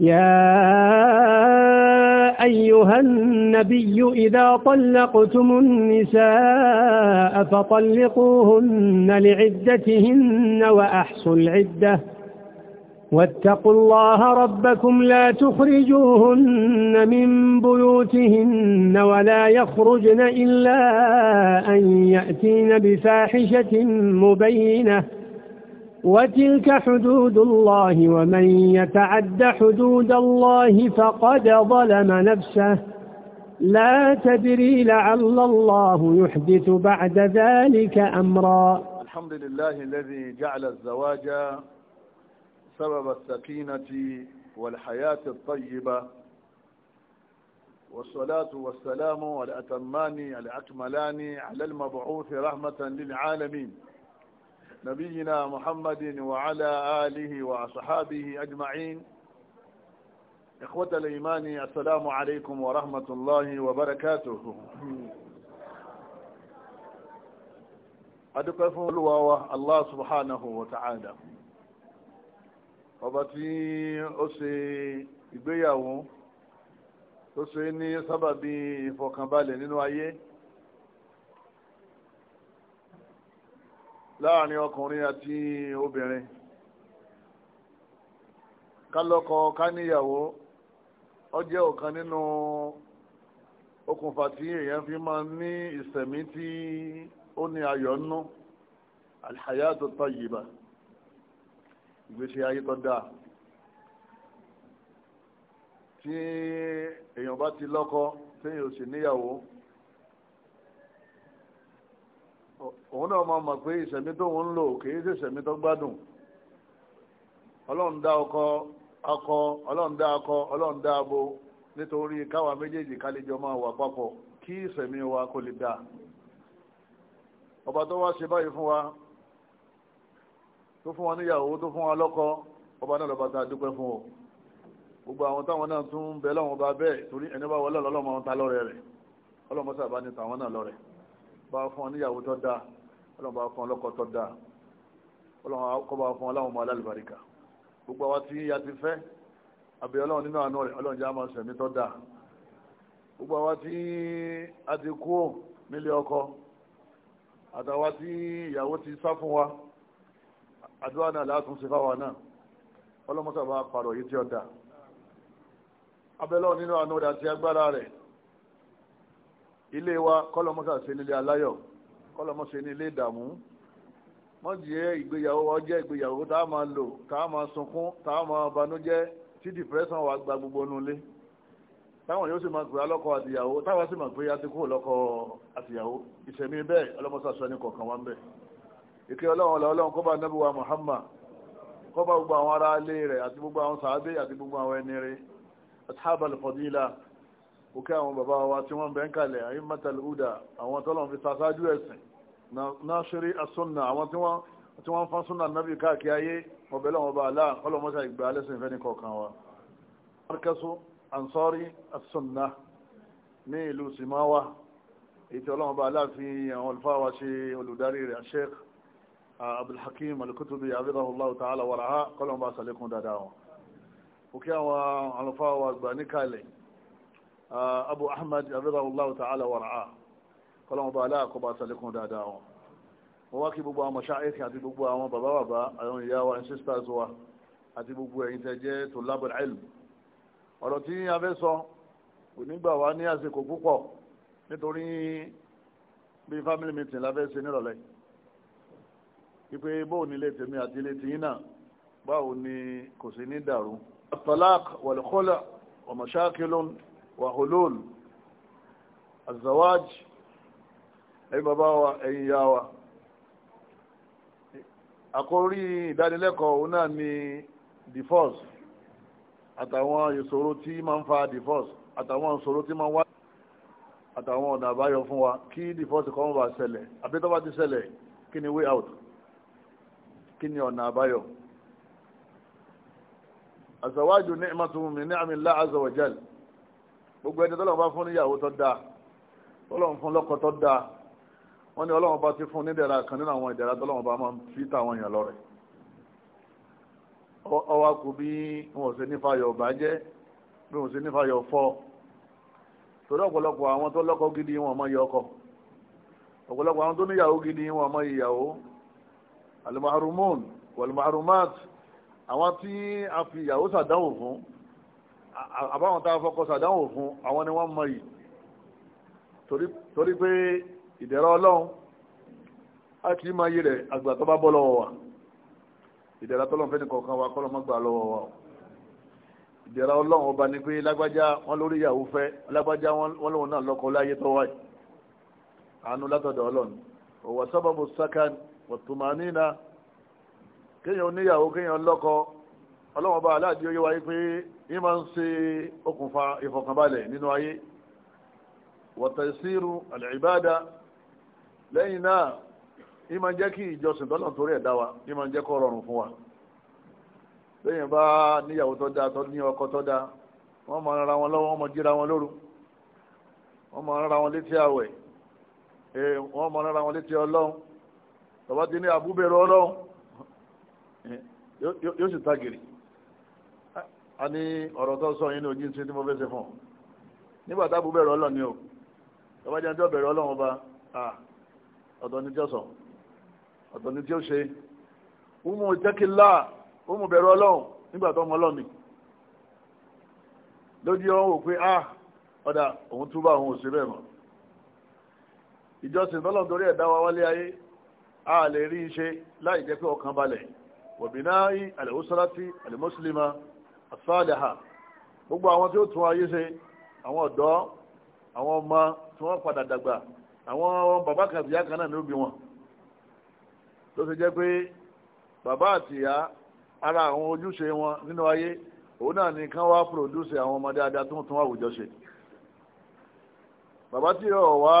يا أيها النبي إذا طلقتم النساء فطلقوهن لعدتهن وأحصوا العدة واتقوا الله ربكم لا تخرجوهن من بيوتهن ولا يخرجن إلا أن يأتين بفاحشة مبينة وتلك حدود الله ومن يتعد حدود الله فقد ظلم نفسه لا تدري لعل الله يحدث بعد ذلك أمرا الحمد لله الذي جعل الزواج سبب السكينة والحياة الطيبة والصلاة والسلام والأتمان الأكملان على المبعوث رحمة للعالمين نبينا محمد وعلى آله وأصحابه أجمعين إخوة الإيمان السلام عليكم ورحمة الله وبركاته أدقف الواوة الله سبحانه وتعالى ọba أسي إبياه ṣe ìgbéyàwó tó ṣe ní láàrin ọkùnrin àti obìnrin kálọ́kọ káníyàwó ó jẹ́ ọ̀kan nínú okùnfà tí èèyàn fi máa ní ìsẹ̀mí tí ó ní ayọ̀ nú alhayatu tayyiba ìgbésí ayé tó dáa tí èèyàn bá ti lọ́kọ tí èèyàn ò sì níyàwó òun náà máa mọ̀ pé ìṣẹ̀mí tó ń lò kìí ṣe ìṣẹ̀mí tó gbádùn ọlọ́run dá ọkọ akọ ọlọ́run dá akọ ọlọ́run dá abo nítorí káwa méjèèjì kálíjọ máa wà papọ̀ kí wa kò lè ọba tó wá ṣe báyìí fún wa tó fún wa níyàwó tó fún wa lọ́kọ ọba náà lọ́ba tá a dúpẹ́ fún o gbogbo àwọn táwọn náà tún bẹ lọ́wọ́n bá bẹ́ẹ̀ torí ẹni bá wọlé ta lọ́rẹ̀ rẹ̀ bá fún ọ níyàwó tó dáa ọlọ́run bá fún ọ lọ́kọ tó dáa ọlọ́run kọ́ bá fún ọ láwọn ọmọ alálùbáríkà gbogbo àwọn tí a ti fẹ́ àbí ọlọ́run nínú àánú rẹ̀ ọlọ́run jẹ́ àmọ́ sẹ̀mí tó dáa gbogbo àwọn tí a ti kú nílé ọkọ àtàwọn tí ìyàwó ti sá fún wa àdúrà náà látúnṣe fáwa náà ọlọ́mọ́sàbá pàrọ̀ yìí tí ó dáa abẹ́lọ́ nínú àánú rẹ̀ àti agbára rẹ̀ ilé wa kọ́lọ́mọ́sà ṣe nílé aláyọ̀ kọ́lọ́mọ́ ṣe nílé ìdààmú wọ́n jẹ́ ìgbéyàwó wa jẹ́ ìgbéyàwó tá a máa lò tá a máa sunkún tá a máa banújẹ́ tí depression wa gba gbogbo inú ilé táwọn yóò sì máa pè alọ́kọ àtìyàwó táwọn sì máa pè atikú lọ́kọ àtìyàwó ìṣẹ̀mí bẹ́ẹ̀ ọlọ́mọ́sà sọ ní kọ̀ọ̀kan wa ń bẹ̀ ìkẹ́ ọlọ́run ọ̀la ọlọ́run kọ́ba nábì wa Muhammad kọ́ba gbogbo àwọn ará ilé rẹ̀ àti gbogbo àwọn sàábé àti gbogbo àwọn ẹni rẹ̀ ashabal fadila ó kí àwọn bàbá wa tí wọ́n bẹ́ẹ̀ kalẹ̀ ayé mẹ́tàlì húdà àwọn tọ́lọ̀ fi sàṣáájú ẹ̀sìn náà ṣeré asọ́nà àwọn tí wọ́n fọ́n súnà nábì káàkiri ayé ọ̀bẹ̀lẹ̀ wọn bá àlá ọlọ́mọṣà ìgbà alẹ́sìn ìfẹ́ ní kọ̀ọ̀kan wa. markasu ansori asọ́nà ní ìlú simawa ètò ọlọ́mọba aláàfin àwọn olùfáwa ṣe olùdarí rẹ̀ ah, abu ahmed abdullahi ta'ala wara'a kọlọ́wọ́n bá aláàkọ́bá sálẹ́kùn dáadáa wọn wọ́n wá kí gbogbo àwọn mọ̀ṣáìkì àti gbogbo àwọn bàbá bàbá àwọn ìyá wa and sisters wa àti gbogbo ẹ̀yin tẹ́ jẹ́ tó lábẹ̀ ilm ọ̀rọ̀ tí a fẹ́ sọ kò nígbà wá ní àsìkò báwo ni kò sí ní dàrú. at-talaq wal khula' wa wàhùlùl azawaj ẹ̀yin bàbá wa ẹ̀yin ìyá wa àkórí ìdánilẹ́kọ̀ọ́ òun náà ni divorce àtàwọn ìṣòro tí máa ń fa divorce àtàwọn ìṣòro tí máa ń wá àtàwọn ọ̀nà àbáyọ fún wa kí divorce kan bá ṣẹlẹ̀ àbí tó bá ti ṣẹlẹ̀ kí ni way out kí ni ọ̀nà àbáyọ azawaju ni'matun min ni'amillah azza wa jalla gbogbo ẹni tọ́lọ́run bá fún níyàwó tó dáa tọ́lọ́run fún lọ́kọ tó dáa wọ́n ní ọlọ́run bá ti fún ní ìdẹ̀ra kan nínú àwọn ìdẹ̀ra tọ́lọ́run bá máa ń fi tàwọn èèyàn lọ́rẹ ọwọ́ kù bí wọn ò ṣe nífa yọ̀ bàjẹ́ bí wọn ò ṣe nífa yọ̀ fọ́ torí ọ̀pọ̀lọpọ̀ àwọn tó lọ́kọ gidi wọn mọ iye ọkọ ọ̀pọ̀lọpọ̀ àwọn tó níyàwó gidi wọn mọ ìyàwó alimaharumun walimaharumat àwọn tí a fi ìyàwó ṣàdánwò fún àbáwọn tá a fọkọ sàdánwò fún àwọn ni wọ́n mọ yìí torí pé ìdẹ̀rọ ọlọ́run á ti máa yé rẹ̀ àgbà tó bá bọ́ lọ́wọ́ wa ìdẹ̀rọ tọ́lọ́run fẹ́ni kọ̀ọ̀kan wa kọ́lọ́ mọ́ gbà lọ́wọ́ wa ìdẹ̀rọ ọlọ́run ọba ni pé lágbájá wọn lórí ìyàwó fẹ́ lágbájá wọn lòun náà lọ́kọ láyé àánú látọ̀dọ̀ ọlọ́run òwò kéèyàn ọlọ́wọ́n bá aláàdí oyé wáyé pé yí máa ń ṣe okùnfà ìfọ̀kànbalẹ̀ nínú ayé wọ̀tẹ̀síru àlẹ́ìbáda lẹ́yìn náà yí máa jẹ́ kí ìjọsìn tọ́lọ̀ torí ẹ̀dá wa yí máa jẹ́ kó rọrùn fún wa lẹ́yìn bá níyàwó tó dáa tó ní ọkọ tó dáa wọ́n máa ra wọn lọ́wọ́ wọ́n máa jíra wọn lóru wọ́n máa ra wọn létí àwẹ̀ wọ́n máa ra wọn létí ọlọ́run tọ́ba ti ní àbúbẹ̀rẹ̀ ọlọ́run yóò sì tagìrì a ní ọ̀rọ̀ tó sọ yín ní ojú sí tí mo fẹ́ ṣe fún ọ nígbà tábù bẹ̀rẹ̀ ọlọ́run ni o ọba jẹ́ ọjọ́ bẹ̀rẹ̀ ọlọ́run ọba ọ̀dọ̀ ni tí ó sọ ọ̀dọ̀ ni tí ó ṣe umu jẹ́kìlá umu bẹ̀rẹ̀ ọlọ́run nígbà tó ọmọ ọlọ́run ni lójú ọ̀hún ò pé a ọ̀dà òun túbọ̀ òun ò sí bẹ́ẹ̀ mọ́ ìjọsìn tọ́lọ́run torí ẹ̀dá wa wálé ayé a lè rí iṣẹ́ láì jẹ́ pé ọkàn balẹ̀ wọ̀bìnà àlẹ́wọ́sọ́lá àsáàdàhà gbogbo àwọn tí ó tún ayé ṣe àwọn ọ̀dọ́ àwọn ọmọ tí wọ́n padà dàgbà àwọn bàbá kan àti ìyá kan náà ní òbí wọn ló ṣe jẹ́ pé bàbá àti ìyá ara àwọn ojúṣe wọn nínú ayé òun náà ni kán wá pòròdúsì àwọn ọmọ dáadáa tó ń tún àwùjọ ṣe bàbá tí ọ̀ wá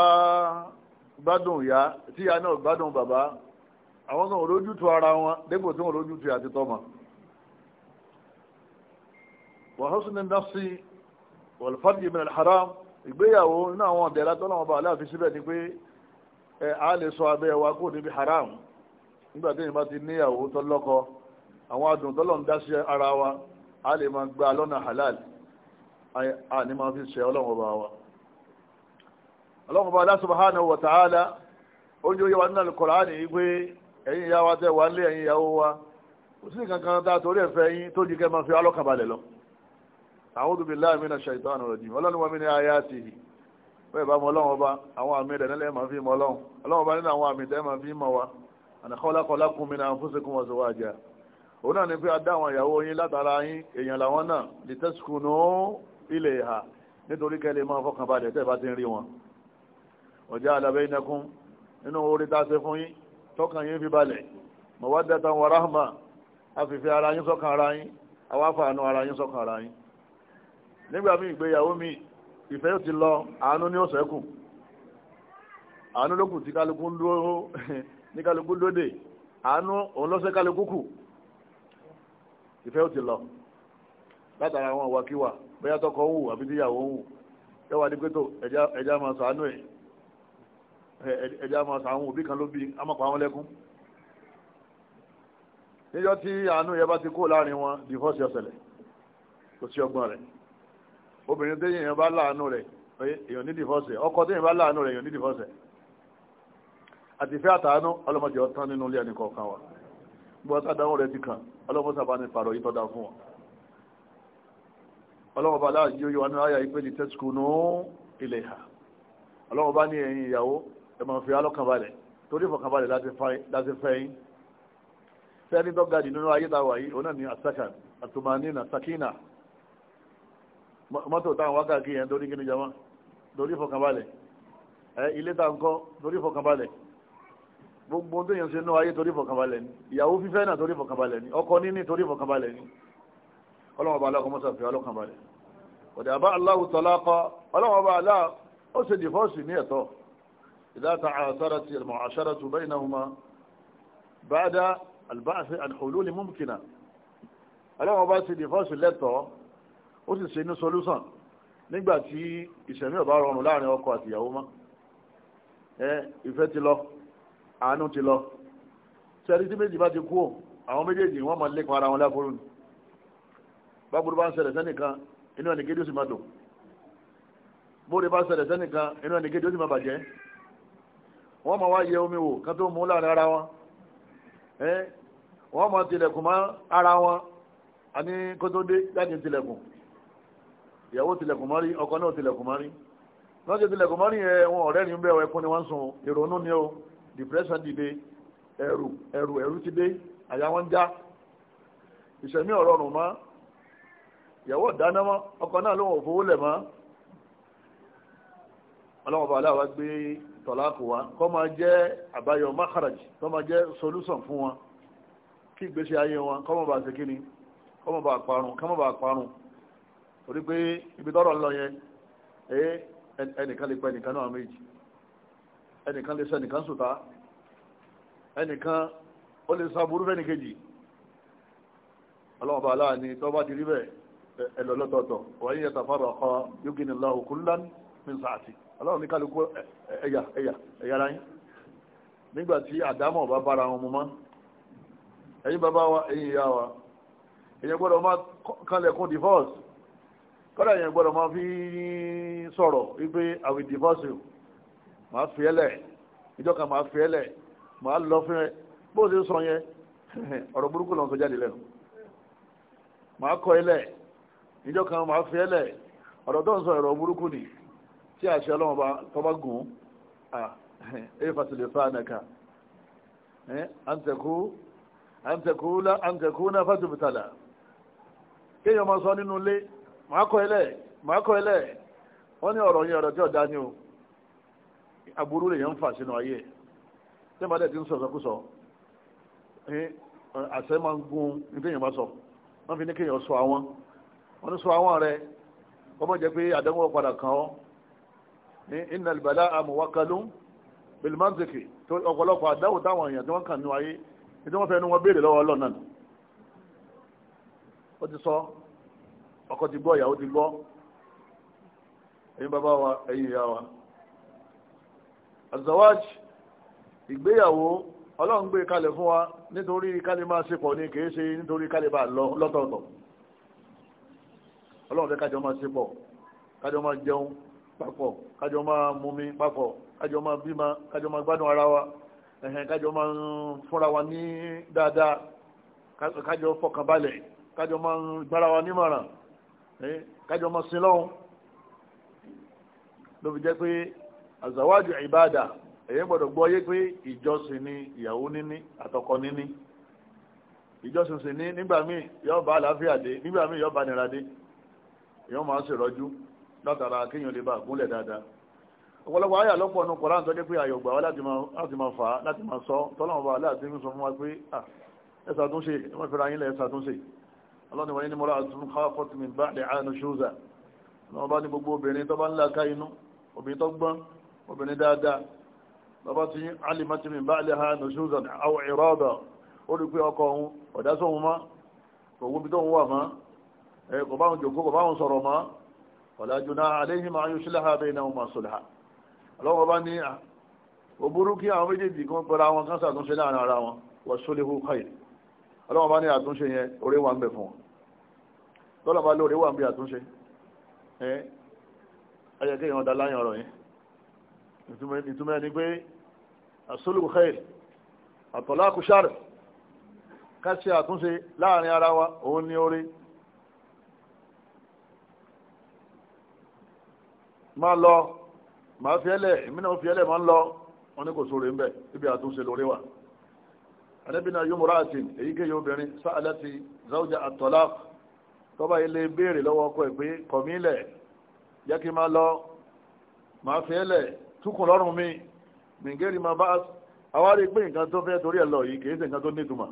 gbádùn ìyá tí ìyá náà gbádùn bàbá àwọn kan ò lójútu ara wọn dépò tí wọn ò lójútu àti tọmọ. وحسن النفس والفرج من الحرام ìgbéyàwó nínú àwọn ọ̀dẹ̀ra tọ́lọ́wọ́n bá aláàfin síbẹ̀ ni pé si á lè sọ abẹ́ wa kó níbi haram nígbà tí èèyàn bá ti níyàwó tó lọ́kọ àwọn adùn tọ́lọ́n wa halal fi ṣe ọlọ́wọ́n bá wa. ọlọ́wọ́n bá Allah subhanahu wa ta'ala oúnjẹ oyé wa nínú al-Qur'ani wa wa a a'udhu billahi minash shaitani rajim ọlọ́run wa min ayatihi bẹ́ẹ̀ bá mọ ọlọ́run ọba àwọn àmì rẹ̀ nílẹ̀ máa fi mọ ọlọ́run ọlọ́run ọba nínú àwọn àmì tẹ́ máa fi mọ wa an khalaqa lakum min anfusikum wa zawjaha òun náà ni pé a dá àwọn ìyàwó yín látara yín èèyàn làwọn náà litaskunu ilayha nítorí kẹ́lẹ́ máa fọkàn balẹ̀ tẹ́ bá ti rí wọn wa ja'ala bainakum nínú orí tá a ṣe fún yín tọkàn yín fi balẹ̀ mawaddatan wa rahma àfìfẹ́ ara yín sọ́kàn ara yín àwa fàánú ara yín sọ́kàn ara yín nígbà míì ìgbéyàwó mi ìfẹ́ yóò ti lọ àánú ni ó ṣẹ́kù àánú ló kù tí kálukú ń dúró ní kálukú dóde àánú òun lọ́sẹ̀ kálukú kù ìfẹ́ yóò ti lọ látara àwọn àwakíwà bóyá tọkọ ń wù àbí tíyàwó ń wù yóò wá ní pé tó ẹja máa ṣàánú ẹ̀ ẹja máa ṣàánú òbí kan ló bí amọ̀pá wọn lẹ́kún níjọ́ tí àánú yẹn bá ti kó láàrin wọn divorce yọ kò sí ọgbọ́n rẹ̀ obìnrin tó yẹn bá láàánú rẹ̀ èèyàn ní dìfọ́sẹ̀ ọkọ tó yẹn bá láàánú rẹ̀ èèyàn ní dìfọ́sẹ̀ àtìfẹ́ àtàánú ọlọ́mọdé ọ̀tán nínú ilé ẹnìkan kan wa gbọ́ sádánwò rẹ̀ ti kàn ọlọ́mọdé sábà ní pàrọ̀ yìí tọ́da fún wa ọlọ́mọdé bá láàájú yóò wá ní àyà ìpè ní tẹ́sùkùnú ilẹ̀ ha ọlọ́mọdé bá ní ẹ̀yìn ìyàwó ẹ máa fi alọ́kànbalẹ̀ torí ìfọ̀kànbalẹ̀ láti fẹ́ yín sẹ́ni tó ga nínú ayé mọ́tò táwọn wákàkì yẹn torí kí ni jama torí ìfọkànbalẹ̀ ilé tá ń kọ́ torí ìfọkànbalẹ̀ gbogbo tó yẹn ń ṣe inú ayé torí ìfọkànbalẹ̀ ni ìyàwó fífẹ́ náà torí ìfọkànbalẹ̀ ni ọkọ níní torí ìfọkànbalẹ̀ ni ọlọ́wọ́n bá aláwọ̀ mọ́sàfì ọlọ́kànbalẹ̀ ọ̀dẹ̀ àbá aláwù tọ́lá kọ́ ọlọ́wọ́n bá alá ó ṣe dìfọ́ọ̀sì ní ẹ̀tọ́ ìdáta àṣára ó sì ṣe ní solution nígbà tí ìṣẹ̀mí ọ̀bá rọrùn láàrin ọkọ àtìyàwó mọ́ ẹ ìfẹ́ ti lọ àánú ti lọ sẹ́rí tí méjì bá ti kú àwọn méjèèjì wọ́n máa lépa ara wọn láforú ni báburú bá ń ṣẹlẹ̀ sẹ́nìkan inú ẹni kéde ó sì máa dùn bóde bá ṣẹlẹ̀ sẹ́nìkan inú ẹni kéde ó sì máa bàjẹ́ wọ́n máa wá yẹ omi wò kán tó mú láàrin ara wọn wọ́n máa tilẹ̀kùn mọ́ ara wọn àní kótó dé láti tilẹ̀kùn ìyàwó tilẹ̀kùn mọ́rí ọkọ náà tilẹ̀kùn mọ́rí wọ́n ti tilẹ̀kùn mọ́rí ẹ wọn ọ̀rẹ́ ní bẹ́ẹ̀ ẹkún ni wọ́n ń sun ìrònú ni ó depression dìde ẹ̀rù ẹ̀rù ẹ̀rù ti dé àyà wọn já ìṣẹ̀mí ọ̀rọ̀ ọ̀rùn mọ́ ìyàwó dáná mọ́ ọkọ náà lóun ò fowó lẹ̀ mọ́ ọlọ́wọ́ bàálà wa gbé tọ̀láàkù wa kọ́ máa jẹ́ àbáyọ makaraj kọ́ máa jẹ́ solution fún wọn kí ìgbésí ayé wọn kọ́ máa bá ṣe kíni kọ́ máa bá parun kọ́ máa bá parun torí pé ibi tọ́rọ̀ ń lọ yẹn ẹ ẹnìkan lè pẹ́ ẹnìkan náà méjì ẹnìkan lè sọ ẹnìkan sùtá ẹnìkan ó lè sọ aburú fẹ́ni kejì ọlọ́ọ̀bá aláàní tó bá ti rí bẹ́ẹ̀ ẹlọ́lọ́tọ̀ọ̀tọ̀ wọ́n yẹ tàfàrọ̀ ọkọ̀ yókìní lọ́hùn kúlán min sàátì ọlọ́run ní kálukú ẹ̀yà ẹ̀yà ẹ̀yà ara yín nígbà tí àdámọ̀ bá bára wọn mú mọ́ ẹ̀yin bàbá wa ẹ̀yin ìyá wa èèyàn gbọ́dọ̀ máa kánlẹ̀kùn divorce kọ́dà yẹn gbọ́dọ̀ máa fi sọ̀rọ̀ wípé I will divorce you màá fi ẹ́ lẹ̀ ìjọ kan màá fi ẹ́ lẹ̀ màá lọ fún ẹ bó o ṣe sọ yẹn ọ̀rọ̀ burúkú lọ́n sọ jáde lẹ́nu màá kọ́ ẹ lẹ̀ ìjọ kan màá fi ẹ́ lẹ̀ ọ̀rọ̀ tó ń sọ ọ̀rọ̀ burúkú ni tí àṣẹ ọlọ́run bá tọ́ bá gùn ẹ fàṣẹlẹ̀ fáà nàkà ẹ àǹtẹ̀kú àǹtẹ̀kú náà fàṣẹ̀bùtàlà kéèyàn máa sọ nínú ilé màá kọ́ ẹ lẹ̀ màá kọ́ ẹ lẹ̀ wọ́n ní ọ̀rọ̀ yẹn ọ̀rọ̀ tí ọ̀dá ni o aburú lèyàn ń fà sínú ayé ẹ̀ tí wọ́n dẹ̀ ti ń sọ̀sọ̀ àṣẹ máa ń gun nítorí bá sọ wọ́n fi ní kéèyàn sọ àwọn wọ́n ní àwọn rẹ kọ́mọ jẹ́ pé àdánwò padà kàn ọ́ ní innal balaa ọ̀pọ̀lọpọ̀ àdáwò ọkọ ti gbọ́ ìyàwó ti gbọ́ ẹ̀yin bàbá wa ẹ̀yin ìyá wa azawaj ìgbéyàwó ọlọ́run gbé kalẹ̀ fún wa nítorí kálẹ̀ máa ṣe pọ̀ ní kìí ṣe nítorí kálẹ̀ bá lọ lọ́tọ̀ọ̀tọ̀ ọlọ́run fẹ́ kájọ máa ṣe pọ̀ kájọ máa jẹun papọ̀ kájọ máa mumi papọ̀ kájọ máa bímọ kájọ máa gbádùn ara wa ẹ̀hẹ̀n kájọ ọmọ sin lọ́hún ló fi jẹ́ pé àzàwájú ìbáàdà èyí gbọ́dọ̀ gbọ́ yé pé ìjọsìn ni ìyàwó níní àtọkọ níní ìjọsìn sì ní nígbà míì yóò bá àlàáfíà dé nígbà míì yóò bá nira dé èyàn máa ń ṣèrọ́jú látara kéèyàn lè bá àgúnlẹ̀ dáadáa ọ̀pọ̀lọpọ̀ ayà lọ́pọ̀ ọ̀nà kọ̀ọ̀lá tó jẹ́ pé àyọ̀gbà wa láti máa fà á láti máa sọ tọ́lọ́mọba aláàtí ń sọ fún wa pé ẹ̀sà túnṣe ẹ̀mọ́fẹ́ra yín ọlọ́ni wọ́n ní mọ́ra àtún káfọ́tù mi bá lè àánú ṣúza ọlọ́run bá ní gbogbo obìnrin tó bá ń láka inú obìnrin tó gbọ́n obìnrin dáadáa bàbá ti yín alimati mi bá lè àánú ṣúza àwọn ìrọ́bà ó rí pé ọkọ òun ọ̀dá sóhun mọ́ kò wúbi tó ń wà mọ́ kò bá òun jòkó kò bá òun sọ̀rọ̀ mọ́ ọ̀làjú náà àléhìn máa ní àtúnṣe yẹn orí wa ń bẹ̀ fún wọn lọ́la bá lóore wà ń bí àtúnṣe ẹ ayẹkẹ́ ìhàn daláyàn ọ̀rọ̀ yẹn ìtumọ̀ ẹni pé àsólùkù khair àtọ̀láàkù ṣáàrẹ̀ ká ṣe àtúnṣe láàrin ara wa òun ní orí máa lọ máa fi ẹlẹ̀ ìmínà fi ẹlẹ̀ máa ń lọ wọn ní kò sóre ń bẹ̀ ibi àtúnṣe lórí wa àdẹ́bìnà yóò múra àti èyíkéyìí obìnrin sáà láti záwùjá àtọ̀láàkù tọ́ba ilé béèrè lọ́wọ́ ọkọ ẹ̀ pé kọ̀mílẹ̀ jẹ́ kí n máa lọ máa fi ẹlẹ̀ túkùn lọ́rùn mi mìngẹ́rì máa bá àwárí pé nǹkan tó fẹ́ torí ẹ̀ lọ yìí kìí ṣe nǹkan tó nítumọ̀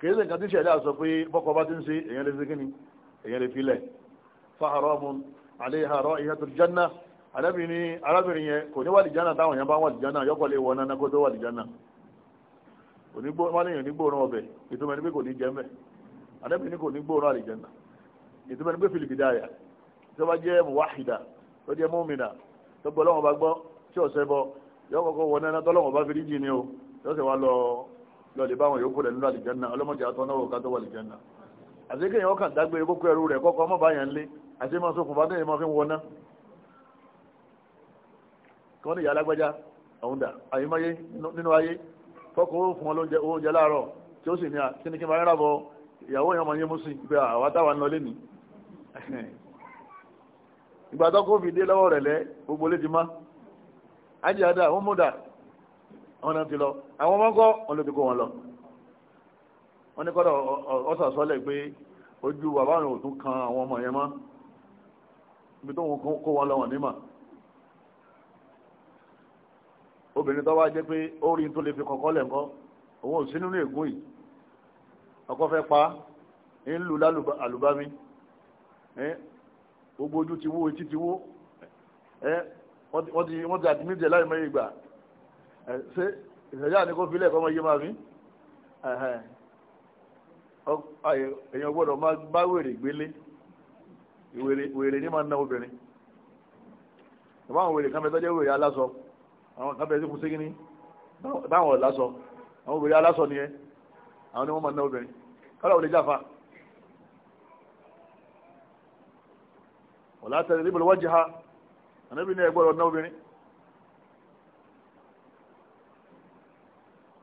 kìí ṣe nǹkan tí ṣẹ̀dá pé bọ́kọ bá ti ń ṣe èèyàn lè ṣe kí ni èèyàn lè filẹ̀ fa haramun janna arábìnrin arábìnrin yẹn kò ní wà lìjánà táwọn èèyàn bá wà lìjánà lè wọ̀n kó tó wà lìjánà ìtumọ̀ ní pé fil bidaya tó bá jẹ́ muwahida tó jẹ́ mọ́mìnà tó gbọ́ lọ́wọ́ bá gbọ́ tí ò ṣẹbọ yóò kọ́kọ́ wọ náà tọ́lọ́wọ́ bá fi díjì ni o yóò sì wá lọ lọ lè báwọn yòókù rẹ̀ nínú àlìjánná ọlọ́mọdé àtọ́ náà ká tó wà àlìjánná àti kéèyàn ọkàn dágbére kókó ẹrú rẹ̀ kọ́kọ́ ọmọ báyà ń lé àti máa sókùn bá tẹ́yìn máa fi ń wọná kí ìyá alágbájá ọ̀hún dà àyímáyé nínú ayé fọ́kọ̀ fún wọn láàárọ̀ tí ó sì ní à kí ni kí n máa rẹ́rà bọ́ ìyàwó yẹn ọmọ yẹn mú sí pé àwa táwa nọ lẹ́nu ìgbà tó kó fi dé lọ́wọ́ rẹ̀ lẹ́ gbogbo lè ti má ájì àdá wọn mú dà wọn náà ti lọ àwọn ọmọ kọ́ wọn ló ti kó wọn lọ wọn ní kọ́dọ̀ ọ̀sà sọ́lẹ̀ pé ojú bàbá rẹ̀ ò tún kan àwọn ọmọ yẹn mọ́ ibi tó wọn kó wọn lọ wọn nímọ̀ obìnrin tó wá jẹ́ pé ó rí tó lè fi kọ̀kọ́ lẹ̀ ńkọ́ òun ò sí nínú ègún yìí ọkọ fẹ́ pa ń lù lálùbami gbogbo ojú ti wó etí ti wó wọ́n ti àdìmíjẹ láì mẹ́rin ìgbà ṣé ìṣẹ̀yà ni kò filẹ̀ kọ́ mọ́ yé máa mi èèyàn gbọ́dọ̀ máa bá wèrè gbélé wèrè ní máa ń ná obìnrin ìwọ àwọn wèrè kan bẹ tọ́jú wèrè aláṣọ àwọn kan bẹ tí kò sí kíní táwọn ọ̀lásọ àwọn wèrè aláṣọ nìyẹn àwọn ni wọ́n máa ná obìnrin kọ́lá òde jáfa wọ́n látàrí ìbẹ̀rẹ̀ wájú ha ànábì ní ẹgbọ́rọ̀ ná obìnrin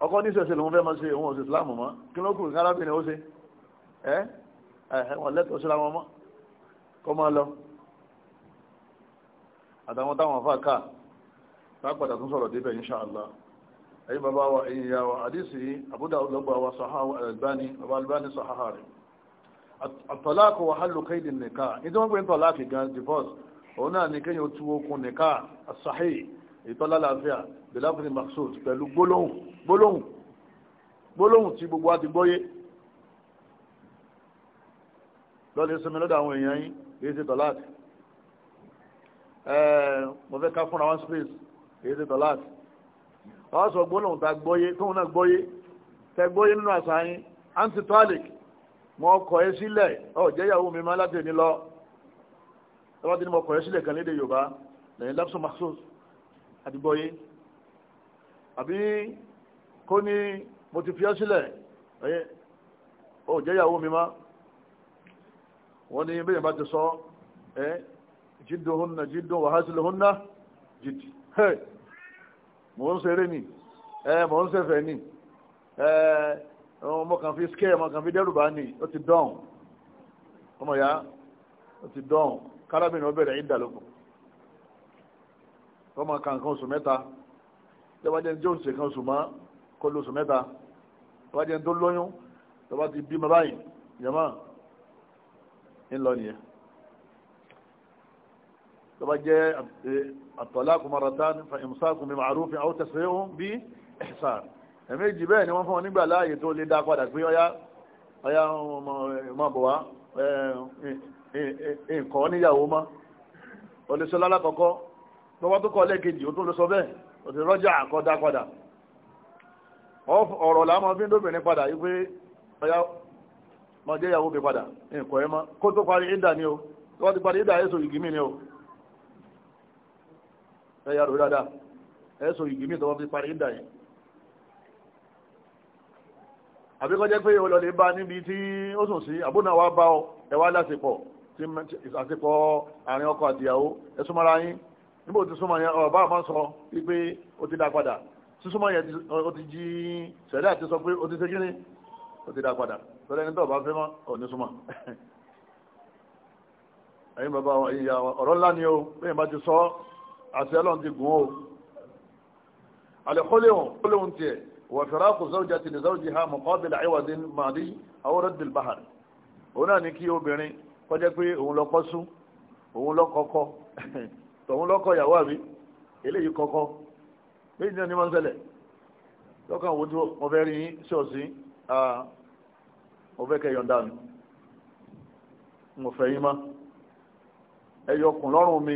ọkọ ní ìṣẹ̀ṣẹ̀ lòun fẹ́ máa ṣe òun ọ̀sẹ̀ ìsìláàmù mọ́ kí ló kùn kárábìnrin ó ṣe ẹ́ ẹ̀ wọ́n lẹ́tọ̀ọ́ síra wọn mọ́ kọ́ máa lọ àtàwọn táwọn afá káà tá a padà tún sọ̀rọ̀ débẹ̀ inṣáàlá ẹ̀yìn bàbá wa ẹ̀yìn ìyá wa àdísì Abu Dawud lọ́gbà wa sàháwà albani bàbá albani sàháhà rẹ̀ àtọ̀láàkọ̀ wà hálù kéèdì nìka ní tí wọ́n gbé ń tọ̀láàkì gan divorce òun náà ní kéèyàn tú okun nìka àsàhì ìtọ́lá làáfíà bìláfìrì maksud pẹ̀lú gbólóhùn gbólóhùn gbólóhùn tí gbogbo àti gbọ́yé lọ́lẹ̀ sinmi àwọn èèyàn yín èyí ti tọ̀láàkì mo fẹ́ ká fúnra one space èyí ti tọ̀láàkì ọ sọ gbólóhùn ta gbọ́yé tóun náà gbọ́yé tẹ gbọ́yé nínú àṣà yín anti toilet mo kọ̀ ẹ́ sílẹ̀ ọ jẹ́yàwó mi máa láti èmi lọ lọ́wọ́ tí mo kọ̀ ẹ́ sílẹ̀ kan léde yorùbá lẹ́yìn lapsus maxus àti gbọ́yé àbí kó ní mo ti fi ọ́ sílẹ̀ ọ jẹ́yàwó mi má wọ́n ní bẹ́ẹ̀ bá ti sọ ẹ́ jíndùn hùnà jíndùn wàhásìlẹ̀ hùnà jíndì mò ń ṣeré nì ẹ mò ń ṣẹ̀fẹ̀ nì ẹ ọmọ kan fi skẹ́ ọmọ kan fi dẹ́rùbá nì ó ti dán ọmọ ya ó ti dán kárábìnrin ọbẹ̀rẹ̀ ìdàlókun ọmọ kankan oṣù mẹ́ta tẹ́wájẹ́ ní jọ́sẹ̀ kan oṣù máa kó lóṣù mẹ́ta tẹ́wájẹ́ ní tó lóyún tẹ́wá ti bímọ báyìí yẹ̀mọ́ ńlọ nìyẹn tó bá jẹ́ eh, at-talaqu marratan fa imsakun bi ma'ruf aw tasrihun bi ihsan ẹ̀mẹ́jì bẹ́ẹ̀ ni wọ́n fún wọn nígbà láàyè tó lè dá padà pé ọyá ọyá ọmọ bọ̀ wá nǹkan eh, eh, níyàwó mọ́ o lè sọ lálákọ̀ọ́kọ́ tó wọ́n tó kọ́ lẹ́ẹ̀kejì ó tó lè sọ bẹ́ẹ̀ o ti rọ́jà àkọ́ dá padà ọ̀rọ̀ làwọn fi ń dóbìnrin padà yí pé ọyá mọ̀jẹ́ ìyàwó mi padà nǹkan ẹ̀ mọ́ kó tó parí ìdà ni o tó wọ́n ti parí ìdà èso ìgbìmí ni o ẹ yàrá dáadáa ẹ sọ ìgbì mí tọwọ́ fi parí ìdà yẹn àbíkọ́ jẹ́ pé olóòlè bá níbi tí ó sùn sí àbúnà wa bá ọ ẹwà lásìpọ̀ tí àsìpọ̀ àárín ọkọ àtìyàwó ẹ súnmọ́ra yín níbo ti súnmọ́ yẹn ọ̀bá àmọ́ sọ wípé ó ti dá padà sísúnmọ́ yẹn ó ti jí sẹ̀dá àti sọ pé ó ti ṣe kíni ó ti dá padà lọ́dọ̀ ẹni tó bá fẹ́ mọ́ ọ̀ ní súnmọ́ ẹ̀yin bàbá ọ̀rọ̀ ńlá ni o bẹ́ẹ̀ bá ti sọ àti ọlọ́run ti gùn ó alẹ́kọ́lẹ́hùn kọ́lẹ́hùn tiẹ̀ wà fẹ́ráàkù zọ́jà ti ní zọ́jì ha mọ̀kọ́bìlà àìwàdí màdí àwọ̀rẹ́ bìl bahari òun náà ní kí obìnrin kọjá pé òun lọ kọ́ sún òun lọ kọ́kọ́ tòun lọ́kọ̀ ìyàwó àbí eléyìí kọ́kọ́ méjì náà ní máa ń lọ́kàn wo tí mo fẹ́ rí ṣọ́ọ̀ṣì mo fẹ́ kẹ́ yọ̀ǹda mi mo fẹ́ yín má ẹ̀yọkùn lọ́rùn mi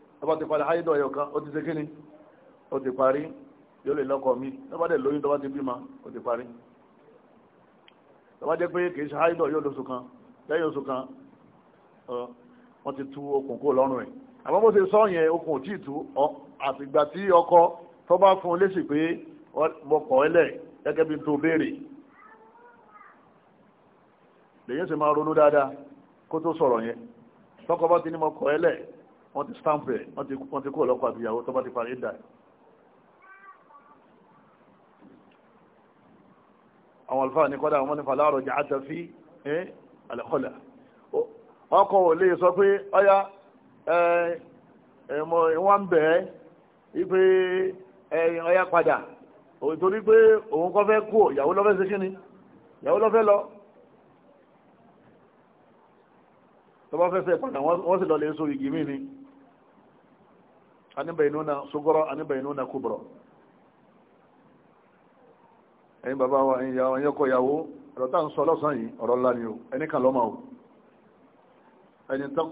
tọ́ba ti parí háyídọ̀ ẹ̀yọ̀ kan ó ti ṣe kíni ó ti parí yóò lè lọ́kọ̀ mi tọ́ba dẹ̀ lóyún tọ́ba ti bímọ ó ti parí tọ́ba jẹ́ pé kì í ṣe háyídọ̀ yóò lóṣù kan lẹ́yìn oṣù kan wọ́n ti tú okùn kó lọ́rùn ẹ̀ àmọ́ bó ṣe sọ yẹn okùn tí ì tú àtìgbà tí ọkọ tọ́ba fún un léṣì pé mo kọ̀ ẹ́ lẹ̀ gẹ́gẹ́ bí tó béèrè lèyìn sì máa ronú dáadáa kó tó sọ̀rọ̀ yẹn tọ́kọ bá ti ní mo kọ̀ ẹ́ lẹ̀ wọ́n ti stamp rẹ̀ wọ́n ti kó ọlọ́kọ̀ àbíyàwó tó bá ti parí ìdá àwọn alfáà ní kọ́dá wọ́n ní fàlárọ̀ jẹ́ àtàfí ẹ́ alẹ́kọ́lá ọkọ̀ ò lè sọ pé ọya ẹ̀mọ̀ ìwọ́n ń bẹ̀ẹ́ wípé ọya padà torí pé òun kọ́ fẹ́ kú ìyàwó lọ́fẹ́ sí kíni ìyàwó lọ́fẹ́ lọ tó padà wọ́n sì lọ lè so igi mí ni. ani bai nuna sugura ani bai nuna kubra ẹ̀yin bàbá wa ẹ̀yin yàwó ẹ̀yin ọkọ yàwó ọ̀rọ̀ tá sọ lọ́sàn yìí ọ̀rọ̀ o ẹni kan lọ́mọ o ẹni o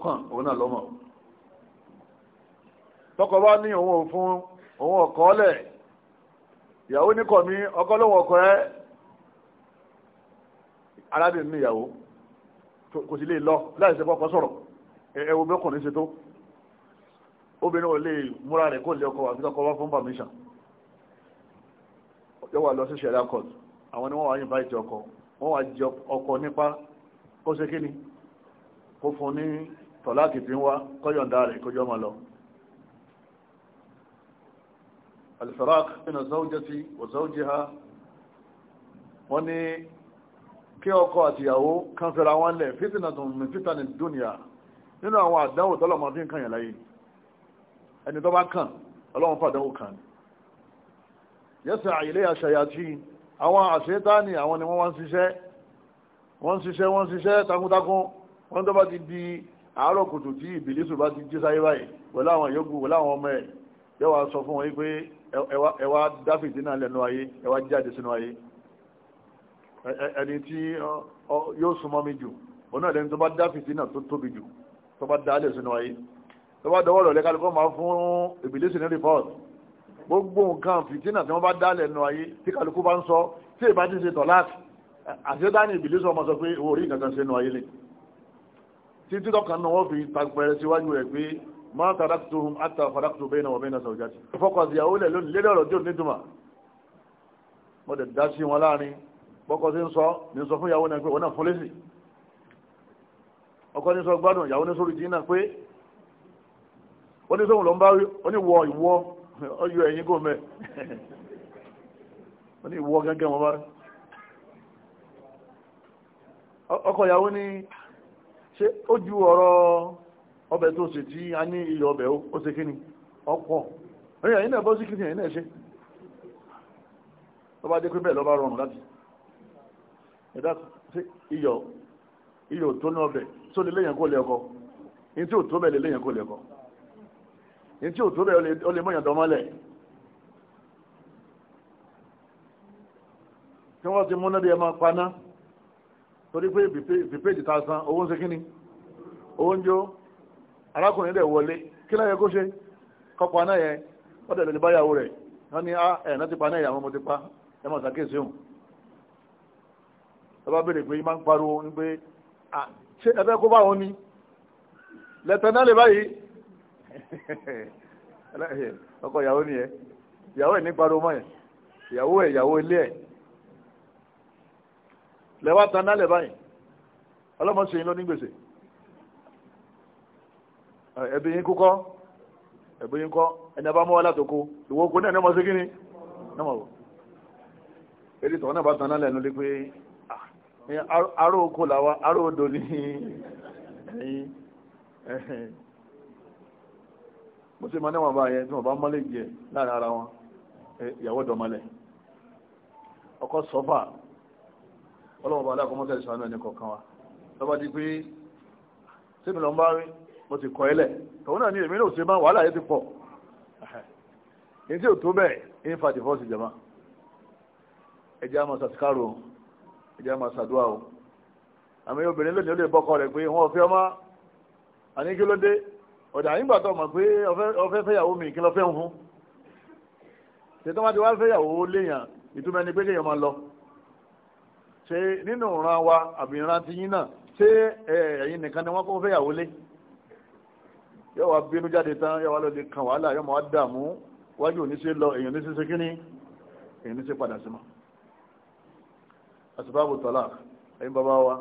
tọkọ bá ní òun ò òun ọkọ lẹ̀ ìyàwó ní kọ̀ mí ọkọ lóun ọkọ ẹ arábìnrin ní ìyàwó kò lè lọ láì sọ̀rọ̀ obìnrin ò lè múra rẹ̀ kó lè ọkọ àti ọkọ wá fún permission yóò wà lọ sí ṣẹ̀dá court àwọn ni wọ́n wá invite ọkọ wọ́n wá jẹ ọkọ nípa kó ṣe kíni kó fún ní tọ̀láàkì tí ń wá kọ́yọ̀ǹda rẹ̀ kójọ́ máa lọ alfarak nínú zaújẹ́tì wọ̀záújẹ́ha wọ́n ní kí ọkọ àtìyàwó kan fẹ́ra wọn lẹ̀ fítìnà tó mìfítà ní dúnìyà nínú àwọn àdánwò tọ́lọ̀mọ́ fi ń kàyàn láyé ẹni tó bá kàn ọlọ́run fàdánwò kàn yẹ́sẹ̀ àyílẹ̀ àṣàyàtì àwọn àṣetáni àwọn ni wọ́n wá ń ṣiṣẹ́ wọ́n ń ṣiṣẹ́ wọ́n ń ṣiṣẹ́ takuntakun wọ́n tó bá ti di àárọ̀ kùtù tí ìbìlísù bá ti jí sáyé báyìí pẹ̀lú àwọn yòókù pẹ̀lú àwọn ọmọ ẹ̀ yóò wá sọ fún wọn pé ẹ wá dá fìtínà lẹ́nu ayé ẹ jáde sínú ayé ẹni tí yóò súnmọ́ mi jù òun náà lẹ́ni tó bá dá fìtínà tó tóbi jù tó bá dá sínú ayé lọ́wọ́ dọwọ́ rọ̀ lẹ́kàlùkọ́ máa fún ìbílẹ̀sì ní report gbogbo nǹkan fìtínà tí wọ́n bá dálẹ̀ nù ayé tí kàlùkù bá ń sọ tí ìbá ti ṣe tọ̀láàtì àti ó dání ìbílẹ̀sì ọmọ sọ pé owó orí nǹkan ṣe nù ayé ni tí títọ́ kan náà wọ́n fi tagbẹ̀rẹ̀ síwájú rẹ̀ pé máa tàdákùtù hum àtà fàdákùtù bẹ́ẹ̀ náà wọ́n bẹ́ẹ̀ náà sọ̀rọ̀ jáde fọkọ̀sì ìyàwó lẹ̀ lónìí lédè ọ̀rọ̀ jòun nítumà ó ní sóhun ló ń bá rí ó ní wọ ìwọ ọyọ ẹ̀yìn kò mẹ́ ó ní ìwọ gẹ́gẹ́ wọn bá rí ọkọ ìyàwó ní ṣe ó ju ọ̀rọ̀ ọbẹ̀ tó ṣe tí a ní iyọ̀ ọbẹ̀ ó ṣe kí ni ọ̀pọ̀ ẹ̀yìn náà bọ́ sí kí ni ẹ̀yìn náà ṣe tó bá dé pé bẹ́ẹ̀ lọ ní tí ò tó bẹ̀ ó lè mọ̀yàn dọ́mọ́lẹ̀ tí wọ́n ti múná bí ẹ máa paná torí pé ìpèjì ta san owó ń ṣe kíni owó ń jó arákùnrin dẹ̀ wọlé kí láyẹ kó ṣe kọpa náà yẹn wọ́n báyàwó rẹ̀ wọ́n ní ah, ẹ̀ẹ̀ná ti pa náà ìyàwó mo ti pa ẹ máa ṣàkíyèsí òun ẹ bá béèrè pé máa Eh, ọkọ ìyàwó ẹ ìyàwó ẹ̀ ní pariwo yẹn ìyàwó ẹ ìyàwó ilé ẹ lẹ́wà tán nálẹ̀ ọlọ́mọ sèyìn ló ní gbèsè ẹbí yín kúkọ́ ẹbí yín ẹni látòkó ìwọ oko náà ní ọmọ náà mọ̀ náà bá tán lé pé aró oko aró odò ní bó ṣe máa níwọ̀n bá yẹn tí wọ́n bá mọ́lẹ̀ jẹ láàrin ara wọn ìyàwó dọ̀mọ́lẹ̀ ọkọ sọ́fà ọlọ́wọ́n bá aláàkọ́ mọ́tẹ̀ ìṣàánú ẹni kọ̀ọ̀kan wa lọ́ba di pé sẹ́mi lọ́n bá rí mo ti kọ́ ẹlẹ̀ tọ́wọ́n náà ní èmi náà ṣe máa wàhálà yẹn ti pọ̀ èyí tí ò tó bẹ́ẹ̀ ń fa divorce jẹ̀má ẹjẹ́ a máa ẹjẹ́ a máa o àmì obìnrin lónìí ó lè bọ́kọ rẹ̀ pé wọ́n fi ọmọ àníkí ló ọ̀dà yín gbàtọ̀ mọ̀ pé ọ̀fẹ́ fẹ́yàwó mi kí lọ fẹ́ ń fún ṣètò wá ti wá fẹ́yàwó léèyàn ìtumọ̀ ẹni pé kéèyàn máa lọ ṣe nínú ìran wa àbí ìran ti yín náà ṣé ẹ̀yin nìkan ni wọ́n kọ́ fẹ́yàwó lé yóò wá bínú jáde tán yóò wá lọ lè kan wàhálà yóò máa dààmú wájú òní ṣe lọ èèyàn ní ṣe kíní èèyàn ní ṣe padà sí mọ́ àsìbáàbò tọ́lá ẹ̀yin bàbá wa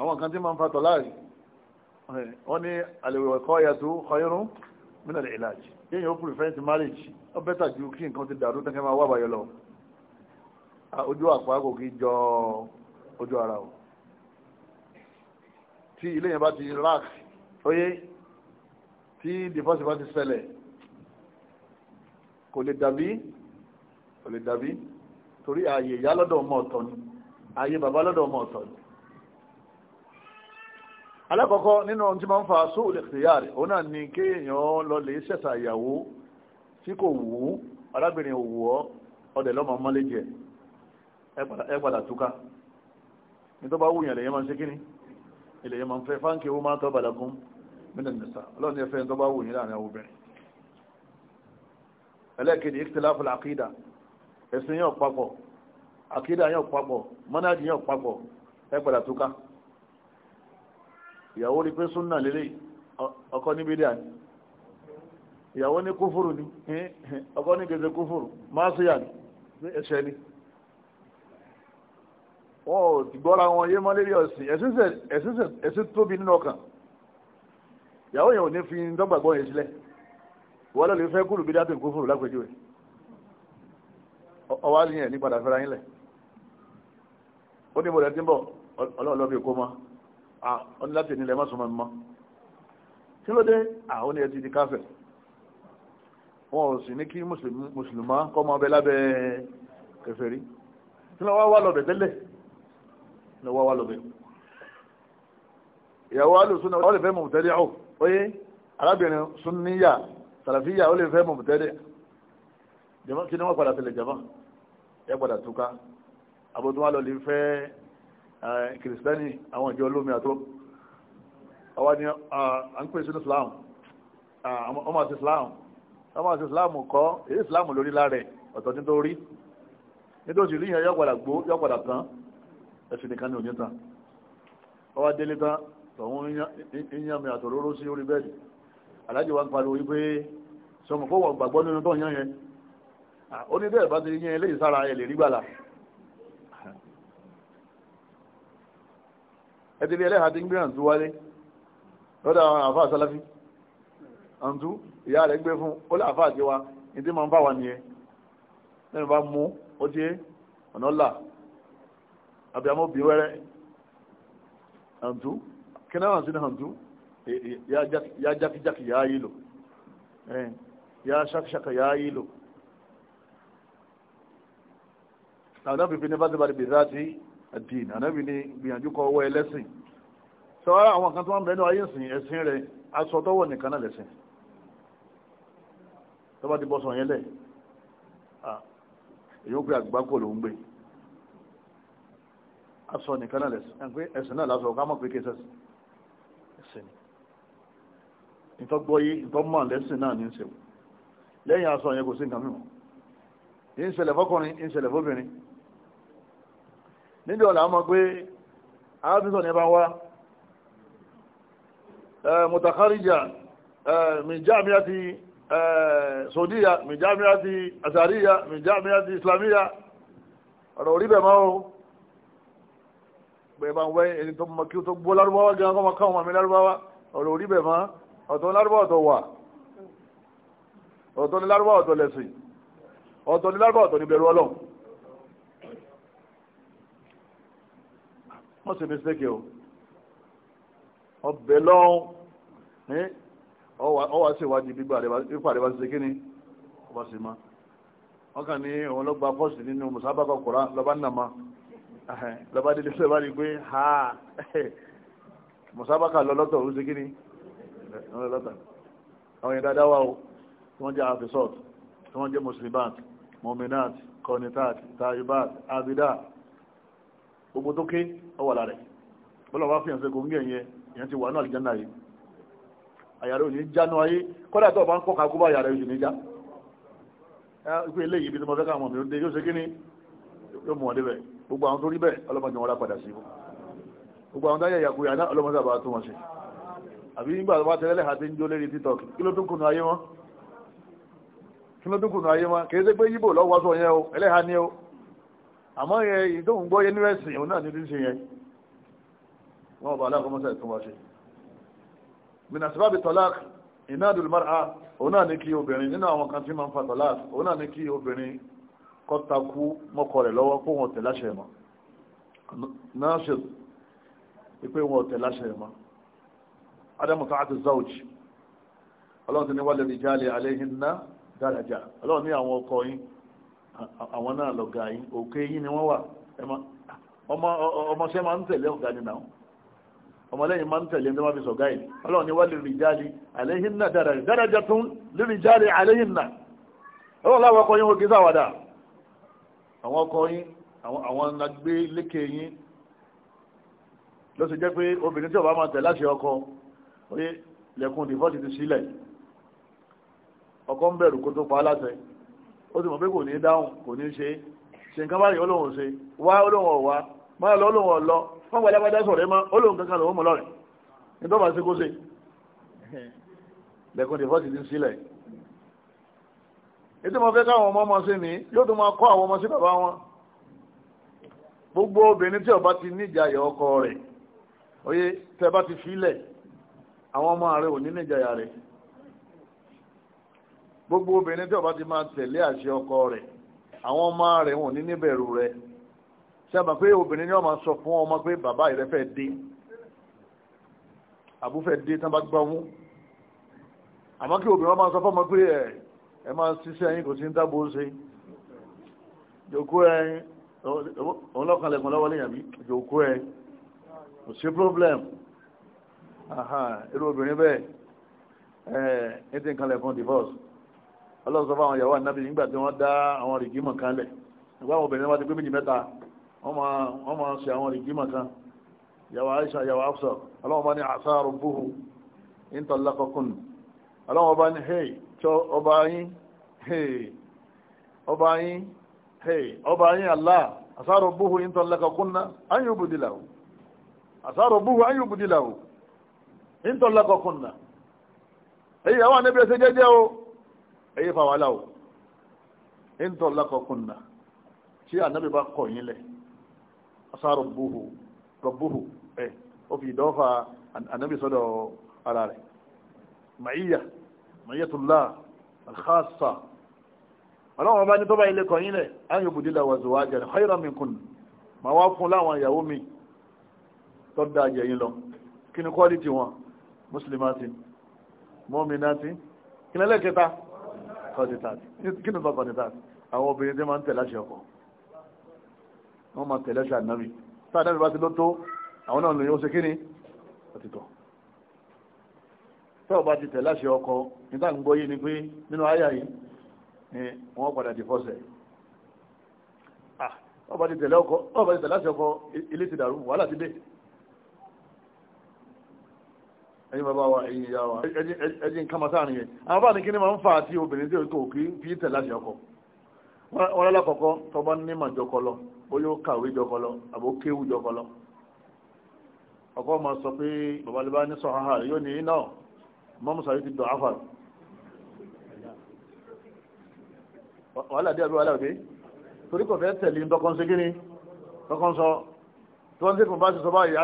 àwọn kan tí máa ń fa tọ́lá yìí wọ́n ní àlèwẹ̀kọ́ yàtú ọyọ́rún mínà ìlàjì yíyàn ó prevent marriage ó bẹ́tà ju kí nǹkan ti dàrú tẹ́kẹ́ máa wábàáyọ lọ ojú àpá kò kí jọ ojú ara o tí ilé yẹn bá ti rack oyé tí divorce bá ti ṣẹlẹ̀ kò lè dàbí kò lè dàbí torí ààyè ìyá lọ́dọ̀ ọmọ ọ̀tọ̀ ni ààyè bàbá lọ́dọ̀ ọmọ ọ̀tọ̀ ni alákọ̀ọ́kọ́ nínú ohun tí máa ń fa sóòlù ìkìyàrí òun náà ni kéèyàn lọ lè ṣẹ̀ṣà ìyàwó tí kò wù ú arábìnrin ò wù ọ́ ọdẹ lọ́mọ mọ́lé jẹ ẹ padà túká nítorí bá wùyàn lèyàn máa ń ṣe kíní ilẹ̀yàn máa ń fẹ́ fáńkì owó máa ń tọ́ balakun mílíọ̀nù nìsa ọlọ́run ní ẹfẹ́ tó bá wùyàn láàrin obìnrin ẹlẹ́ẹ̀kejì ìkìtìláfù àkídà ẹ̀sìn yóò papọ̀ àkídà yóò papọ̀ mọ́nájì yóò papọ̀ ẹ padà túká ìyàwó rí pé súnà lélẹ̀ ọkọ ní bídíà ni ìyàwó ní kúfùrù ni ọkọ ní gèdè kúfùrù máṣíyà ní ẹ̀ṣẹ̀ ni wọn ò ti gbọ́ra wọn yé mọ́ lérí ọ̀sìn ẹ̀sìn tóbi nínú ọkàn ìyàwó yẹn ò ní fi dọ́gbàgbọ́ yẹn sílẹ̀ wọ́n lọ́ọ́ lè fẹ́ kúrò bídíà tó kúfùrù lápẹjọ́ yẹn ọwá yẹn ní padà fẹ́ra yín lẹ̀ ó ní mo rẹ̀ ti ń bọ̀ ọlọ́ọ̀lọ́bì kó máa ah ní láti nílẹ̀ mọ́sùnmọ́ mọ́ kí ló dé àwọn ah, ẹni ẹ ti di káfẹ̀ wọn ò sì ní kí mùsùlùmá kọ́ máa bẹ lábẹ́ kèfèrí kí ló wá wá lọ́bẹ̀ tẹ́lẹ̀ ló wá wá lọ́bẹ̀ ìyàwó alùsùn náà ó lè fẹ́ mọ̀mùtẹ́lẹ̀ ọ̀ oyé arábìnrin sunniya sàlàfíyà ó lè fẹ́ mọ̀mùtẹ́lẹ̀ jama kí ni wọ́n padà tẹ̀lẹ̀ jama ẹ padà túká àbótúwá lọ lè fẹ́ Eh, kìrìsìtẹ́nì àwọn ìjọ olómi àtọ́ ọwá ni à ń pè sí islam ọmọ àti islam ọmọ àti islam kọ́ èyí islam lórí láàrẹ̀ ọ̀tọ̀ tí tó rí nítorí rí yẹn yọ́padà gbó yọ́padà tán ẹ̀sìn nìkan ní òní tán ọwá délé tán tọ̀hún yíyan mi àtòróró sí orí bẹ́ẹ̀dì aláàjì wa ń pariwo wípé sọmọ fọwọ́ gbàgbọ́ nínú tó yán yẹn ó ní bẹ́ẹ̀ bá ti yẹn eléyìí sára ẹ̀ lè rí gbàlà ẹ̀tí ilé ẹlẹ́ha ti ń gbé àǹtú wálé lọ́dọ̀ àwọn àfáà sáláfí àǹtú ìyá rẹ̀ gbé fún ó lè àfáà ti wa ní tí ma ń bá wa nìyẹn lẹ́nu bá mú ó ti ọ̀nà là àbíamọ́ bí wẹ́rẹ́ àǹtú kí náà hàn sí ní àǹtú ya jákíjákí ya yí lò ya ṣakṣaka ya yí lò àwọn náà fífi ní bá ti bá ti bèèrè láti ẹ̀dìn ànábì ní gbìyànjú kọ ọwọ́ ẹlẹ́sìn sọ́wọ́rọ́ àwọn kan tó wọ́n bẹ̀rẹ̀ ayé sìn ẹ̀sìn rẹ̀ aṣọ tọ́wọ́ nìkan náà lẹ́sìn tó bá ti bọ́ sọ yẹn lẹ̀ èyí ó pé àgbákò ló ń gbé aṣọ nìkan náà lẹ́sìn ẹ̀pẹ́ ẹ̀sìn náà lásọ ká mọ̀ pé kéṣẹ́ ẹ̀sìn ni ìtọ́gbọ́yé ìtọ́mọ̀ lẹ́sìn níbi ọ̀la mọ̀ pé arábìsọ̀ ní bá wá mutakarija mìjáàmìyàtì sòdíyà mìjáàmìyàtì àsàríyà mìjáàmìyàtì islamiyà ọ̀rọ̀ orí bẹ̀ máa ó bẹ̀rẹ̀ bá ń wẹ́ ẹni tó mọ̀ kí ó tó gbọ́ lárúbáwá gan kọ́ mọ̀ káwọn mọ̀ mi lárúbáwá ọ̀rọ̀ orí bẹ̀ máa ọ̀tọ̀ lárúbáwá ọ̀tọ̀ wà ọ̀tọ̀ ni lárúbáwá ọ̀tọ̀ ni lárúbáwá ọ̀tọ̀ wọ́n sì mistake o ọbẹ̀ lọ́wọ́ ní ọwà sí ìwádìí gbígbà rẹ̀ wá sí kíní ọba sí ma wọ́n kàn ní òun lọ́gba fọ́ọ̀sì nínú musabaka kura lọ́ba ma. lọ́ba délé sẹ́wà rí pé ha musabaka lọ́lọ́tọ̀ ó sí kíní lọ́lọ́tọ̀ àwọn yẹn dáadáa wà ó tí wọ́n jẹ́ àfisọ́t tí wọ́n jẹ́ muslimat mominat kọ́nitat taibat abida gbogbo tó ké ọwà lára bọ́lá wá fi hàn sí gbòǹgì ẹ̀yẹ ìyẹn ti wà ní àlìjánà yìí àyàrá òní jánu ayé kọ́dà tó bá ń pọ̀ kakú bá àyàrá òní níjà ìpé ilé yìí bí mo fẹ́ ká àwọn ọmọdé yóò ṣe kí ni yóò mú wọn débẹ̀ gbogbo àwọn tó rí bẹ́ẹ̀ ọlọ́mọdé wọn lápadà sí gbogbo àmọ́ èyí tó ń gbọ́ yé nínú ẹ̀sìn òun náà ní ti yẹn wọn bá aláàkọ́ mọ́sá ìtún ṣe min mar'a òun náà ní kí obìnrin nínú àwọn kan tí máa ń fa talaq òun náà ní kí obìnrin kọ́ mọ́kọ rẹ̀ lọ́wọ́ kó wọn tẹ̀ láṣẹ mọ́ tẹ̀ láṣẹ adamu ta'ati daraja ọlọ́run ní àwọn ọkọ àwọn náà lọ̀gá yìí òkè yìí ni wọ́n wà ọmọṣẹ́ máa ń tẹ̀lé ọ̀gá ọmọlẹ́yìn máa ń tẹ̀lé ẹni wọ́n fi sọ̀gá yìí ọlọ́run ni wọ́n lè rí jáde àléhìn náà dára dára jẹ tún jáde náà ọlọ́run láwọn ọkọ yín wọ́n àwọn yín àwọn lékè yín ló sì jẹ́ pé obìnrin tí ó máa ọkọ lẹ́kùn ti sílẹ̀ ó ti mọ̀ pé kò ní dáhùn kò ní ṣe ṣe nǹkan báyìí olóhùn ṣe wá olóhùn ọ̀wá lọ olóhùn wọ́n gbọ́dọ̀ gbọ́dọ̀ sọ̀rọ̀ mọ́ olóhùn kankan lòún lọ́rẹ̀ ṣe kó ṣe lẹ́kùn fọ́ọ̀sì ti sílẹ̀ ètò fẹ́ káwọn ọmọ ọmọ sí ni yóò tún máa kọ́ àwọn ọmọ sí bàbá wọn gbogbo obìnrin tí ọkọ rẹ̀ bá ti fílẹ̀ àwọn gbogbo obìnrin tí ó bá ti máa tẹ̀lé àṣẹ ọkọ rẹ̀ àwọn ọmọ rẹ̀ wọn ní níbẹ̀rù rẹ̀ sábà pé obìnrin ni wọ́n máa sọ fún ọmọ pé bàbá rẹ̀ fẹ́ dé àbúfẹ́ dé tán bá gbọ́ mú àmọ́ kí obìnrin wọn máa sọ fún ọmọ pé ẹ ẹ máa ṣiṣẹ́ yín kò sí ń dábò ṣe jòkó ẹ òun lọ́kànlẹ̀kùn lọ́wọ́ léyàn bí jòkó ẹ kò sí problem irú obìnrin bẹ́ẹ̀ ẹ ẹ ti ń kanlẹ̀kùn divorce ọlọ́run sọ fáwọn ìyàwó ànábì nígbà tí wọ́n dá àwọn rìgímọ̀ kan lẹ̀ nígbà àwọn obìnrin wọn ti pé méjì mẹ́ta wọ́n máa ṣe àwọn rìgímọ̀ kan ìyàwó Aisha ìyàwó Hafsa ọlọ́run bá ní àṣà rúbúhù ìntọ́lákọ́kùn ọlọ́run bá ní hey ọba yín hey ọba yín hey ọba yín Allah àṣà rúbúhù ìntọ́lákọ́kùn náà ayé òbúdìláwò àṣà rúbúhù ayé òbúdìláwò ìntọ́lákọ́kùn náà ẹyẹ fa wàhálà o ń tọ́ lákọ̀ọ́kùn náà tí ànábì bá kọ̀ yín lẹ̀ ọ̀sá rọ̀bùhù rọ̀bùhù ẹ̀ ó fi ìdọ́fà ànábì sọ́dọ̀ ara rẹ̀ màíyà màíyàtúlá alhassa ọlọ́wọ́n bá ní tó bá ilé kọ̀ yín lẹ̀ ayé bùdílà wà zùwà jẹ́ khayran minkun ma wá fún láwọn ìyàwó mi tó dáa jẹ yín lọ kí ni kọ́ọ̀lì tiwọn muslimatin mu'minatin kí ni ẹlẹ́kẹta kọ́nìtàt kí ni bá kọ́nìtàt àwọn obìnrin tí máa ń tẹ̀láṣẹ ọkọ wọ́n máa tẹ̀láṣẹ ànábì tá ànábì bá ti ló tó àwọn náà lòyìn ó ṣe kí ni òtítọ́ tẹ́ ò bá ti tẹ̀láṣẹ ọkọ nígbà ń gbọ́ yìí ni pé nínú àyà yìí ni wọ́n padà di fọ́sẹ̀ ọba ti tẹ̀láṣẹ ọkọ ilé ti dàrú wàhálà ti dé ẹ̀yin bàbá wa ẹ̀yin ìyá wa ẹ̀yin kama sáàrin yẹn àwọn bá ní kí ni máa ń fa àti obìnrin tí kò kí fi tẹ̀ láti ọkọ wọn lọ́lọ́kọ̀ọ́kọ́ tọba ní mà jọkọlọ ó yóò kàwé jọkọlọ àbó kéwú jọkọlọ ọkọ máa sọ pé bàbá lè bá ní sọ̀háhà yóò ní iná mọ́mú sàrí ti dọ̀ áfà wàhálà dé àbí wàhálà dé torí kò fẹ́ tẹ̀lé ńdọ́kọ́nsẹ́ kí ni tọkọ́nsọ tí wọ́n ti kò bá ti sọ báyìí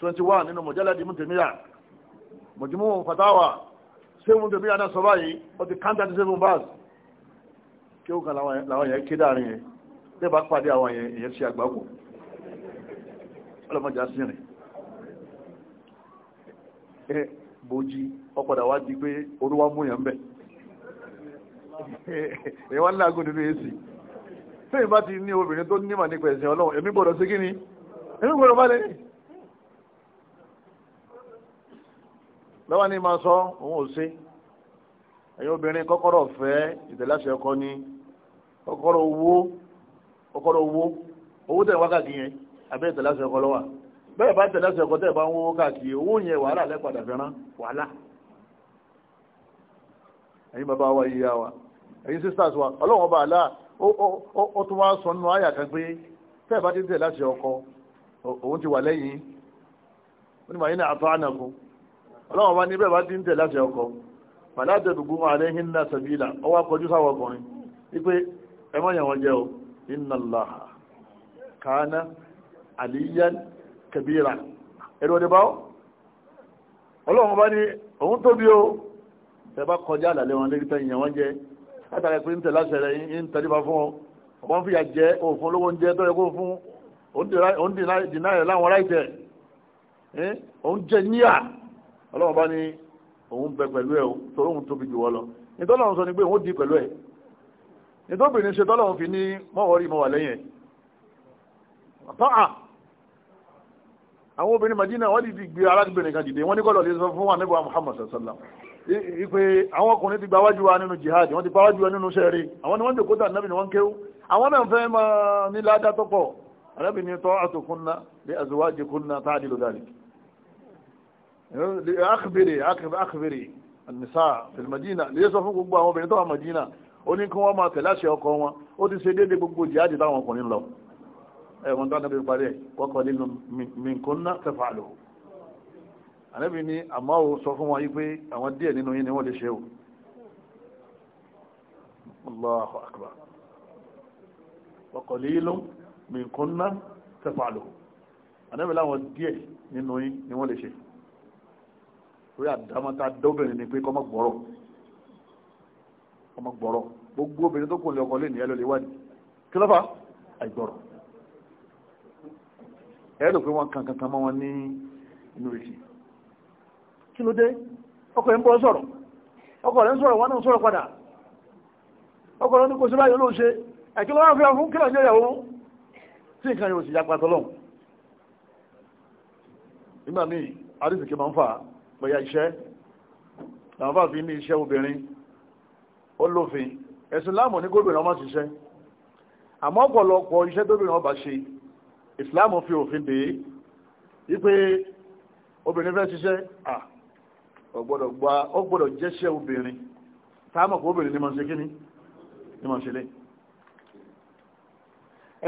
twenty one nínú mọ̀jáládì mùtẹ̀míyà mọ̀jùmọ́ fatawa sẹ́fún mùtẹ̀míyà náà sọ báyìí ó ti káńtà ti sẹ́fún báàs kí ó kà láwọn yẹn kéde àárín yẹn bẹ́ẹ̀ bá pàdé àwọn yẹn èyẹ ṣe àgbákò ọlọ́mọdé asínrin ẹ bójí ọ̀padà wá di pé olúwa mú yẹn bẹ̀ èyí wá láàgùn nínú èsì fẹ́yìn bá ti ní obìnrin tó nímọ̀ nípa ẹ̀sìn ọlọ́run èmi gbọ́dọ̀ sí kí ni èmi gbọ́dọ̀ bá lẹ́yìn lọ́wọ́ ní máa sọ òun ò ṣe ẹ̀yin obìnrin kọ́kọ́rọ́ fẹ́ ìtẹ̀láṣẹ ọkọ ní kọ́kọ́rọ́ owó kọ́kọ́rọ́ owó owó tẹ̀ wákàtí yẹn abẹ́ ìtẹ̀láṣẹ ọkọ lọ́wọ́ bẹ́ẹ̀ bá tẹ̀láṣẹ ọkọ tẹ̀ bá ń wó káàkiri owó yẹn wàhálà lẹ́pàdà fẹ́ràn wàhálà ẹ̀yin bàbá wa ìyá wa ẹ̀yin sisters wa ọlọ́wọ́n bá àlá ó tún wá sọ nínú àyà kan pé tẹ́ẹ̀ bá ti tẹ̀láṣẹ ọkọ òun ti wà lẹ́yìn ó ní ọlọ́wọ́n bá níbẹ̀ bá ti ń tẹ̀ láti ọkọ̀ fàlátẹ̀dùgbò àlẹ́hìn náà sàbílà ọwọ́ akọjú sáwọn ọkùnrin wípé ẹmọ́ yẹn wọ́n jẹ́ o inna Allaha kana aliyan kabira ẹ̀rọ ni báwọ́ ọlọ́wọ́n bá ní òun tóbi o ẹ bá kọjá àlàlẹ́ wọn lẹ́gbẹ̀ẹ́ yẹn jẹ́ látàrí pé ń tẹ̀ láti rẹ̀ ń tẹ̀lífà fún ọ wọ́n òun jẹ níyà ọlọ́run bá ní òun bẹ pẹ̀lú ẹ̀ torí òun tóbi jù wọ́ lọ nítọ́lọ́run sọ ni pé òun di pẹ̀lú ẹ̀ nítòbìnrin ṣe tọ́lọ́run fi ní mọ́wọ́rí mọ́wà lẹ́yìn ẹ̀ tọ́à àwọn obìnrin Madina wọ́n ti gbé arábìnrin kan dìde wọ́n ní kọ́lọ̀ lè sọ fún wa níbo Muhammad sallam ipe àwọn ọkùnrin ti gba wájú wa nínú jihad wọ́n ti pa wájú wa nínú sẹ́ẹ̀rí àwọn ni wọ́n jòkó máa ní ládá tọ́pọ̀ arábìnrin tọ́ àtòkúnná lé àzọwájẹkúnná tá àdìlò dàlìkì akbiri akbiri nisa fìlìmọ̀dínà lè sọ fún gbogbo àwọn obìnrin tó wà mọ̀dínà ó ní kí wọ́n máa tẹ̀lé àṣẹ ọkọ wọn ó ti ṣe déédéé gbogbo jihadi táwọn ọkùnrin lọ ẹ̀wọ̀n tó ànábì parí ẹ̀ wọ́kọ̀ nínú mìkúnná tẹ̀fàlò ànábì ní àmọ́ ò sọ fún wọn yí pé àwọn díẹ̀ nínú yín ni wọ́n lè ṣe o Allahu akbar wọ́kọ̀ nínú mìkúnná tẹ̀fàlò ànábì láwọn díẹ̀ nínú yín ni wọ́n lè ṣe o torí àdámọ́ta dóbìnrin ni pé kọ́mọ́ gbọ́rọ̀ gbogbo obìnrin tó kò lè ọkọ lè ní ẹlòlè wádìí kí lọ́fà àìgbọ́rọ̀ ẹ̀rọ pé wọ́n kan kankan mọ́ wọn ní inú ìsì kí ló ọkọ yẹn bọ́ ọkọ rẹ̀ ń sọ̀rọ̀ wọn náà ọkọ rẹ̀ ní kò sí báyìí ló ń ṣe lọ́wọ́ fi kí lọ́jọ́ ìyàwó tí nǹkan yóò sì nígbà míì máa ń bóyá iṣẹ́ làwọn bá fi ní iṣẹ́ obìnrin ó lófin ẹ̀sìn láàmù ní gómìnà ọmọ ṣiṣẹ́ àmọ́ ọ̀pọ̀lọpọ̀ iṣẹ́ tóbìnrin ọba ṣe ìsìláàmù fi òfin dè é wípé obìnrin fẹ́ ṣiṣẹ́ à ọ̀gbọ́dọ̀ gba ọ̀gbọ́dọ̀ jẹ́ṣẹ́ obìnrin táàmù kó obìnrin ní ma ṣe kíní ní ma ṣe lé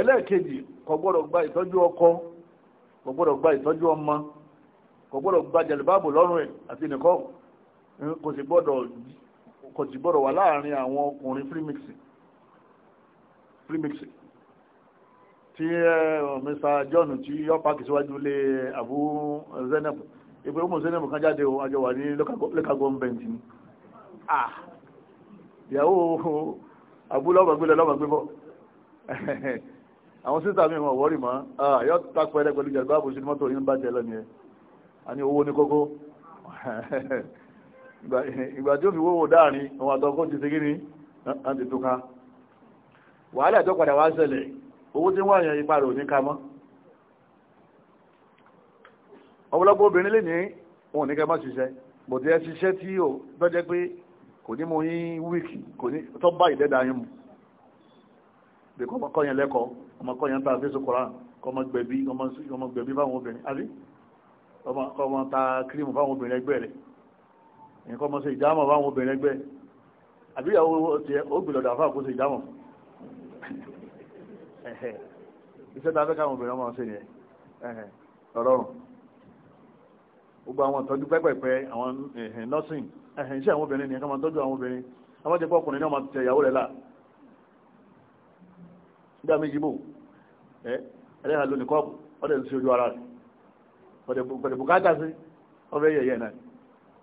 ẹlẹ́ẹ̀kejì kò gbọ́dọ̀ gba ìtọ́jú ọkọ kò gbọ́dọ̀ gba ìtọ́jú ọmọ kò gbọ́dọ̀ gba jẹ̀lẹ̀báàbò lọ́rùn ẹ̀ àti nìkọ́ kò sì gbọ́dọ̀ wà láàrin àwọn ọkùnrin free mixing free mixing Mr. John tí yọ pàkì síwájú lé Abu Zainab ìpè ọmọ Zainab kan jáde o àjọ wà ní local government ni ah ìyàwó Abu lọ́gbàgbé lọ́gbàgbé bọ́ àwọn sísà mi wọ̀n wọ́rì mọ́ ah, yọ tapẹ́rẹ́ pẹ̀lú jẹ̀lẹ̀báàbò sí mọ́tò yín bá jẹ́ ani ní owó ní kókó ìgbà tí ó fi wówó dáàrin àwọn àtọkọ́ ti segí ní àti tóka wàhálà tó padà wá ṣẹlẹ̀ owó tí wọ́n yàn ipa rẹ̀ ò ní ka mọ́ ọ̀pọ̀lọpọ̀ obìnrin lè ní wọn ò ní ká má ṣiṣẹ́ bọ̀dé ẹ ṣiṣẹ́ tí ó tọ́jẹ́ pé kò ní mú yín wíìkì kò ní tọ́ bá ìdẹ́dà yín mu bí kò ọmọkọ́ yẹn lẹ́kọ̀ọ́ ọmọkọ́ yẹn ń ta kọ́ ọmọ gbẹ̀bí báwọn obìnrin kọ́mọ ta kírímù fáwọn obìnrin ẹgbẹ́ rẹ̀ nǹkan ọmọ ṣe ìdámọ̀ fáwọn obìnrin ẹgbẹ́ àbí ìyàwó tiẹ̀ ó gbìlọ̀dà fáwọn kó ṣe ìdámọ̀ iṣẹ́ ta fẹ́ káwọn obìnrin ọmọ ṣe yẹn ọ̀rọ̀rùn gbogbo àwọn ìtọ́jú pẹ́pẹ̀pẹ́ àwọn nursing iṣẹ́ àwọn obìnrin nìkan máa tọ́jú àwọn obìnrin àwọn jẹ́ pé ọkùnrin náà máa tẹ ìyàwó rẹ̀ là nígbà méjì bò ẹ̀ ẹ̀rẹ́ àlọ́ nìkọ́ọ̀bù ọ̀dẹ̀ ń ṣe ojú ara rẹ̀ pẹ̀lẹ̀ bùkátà sí ọfẹ́ yẹ̀yẹ̀ náà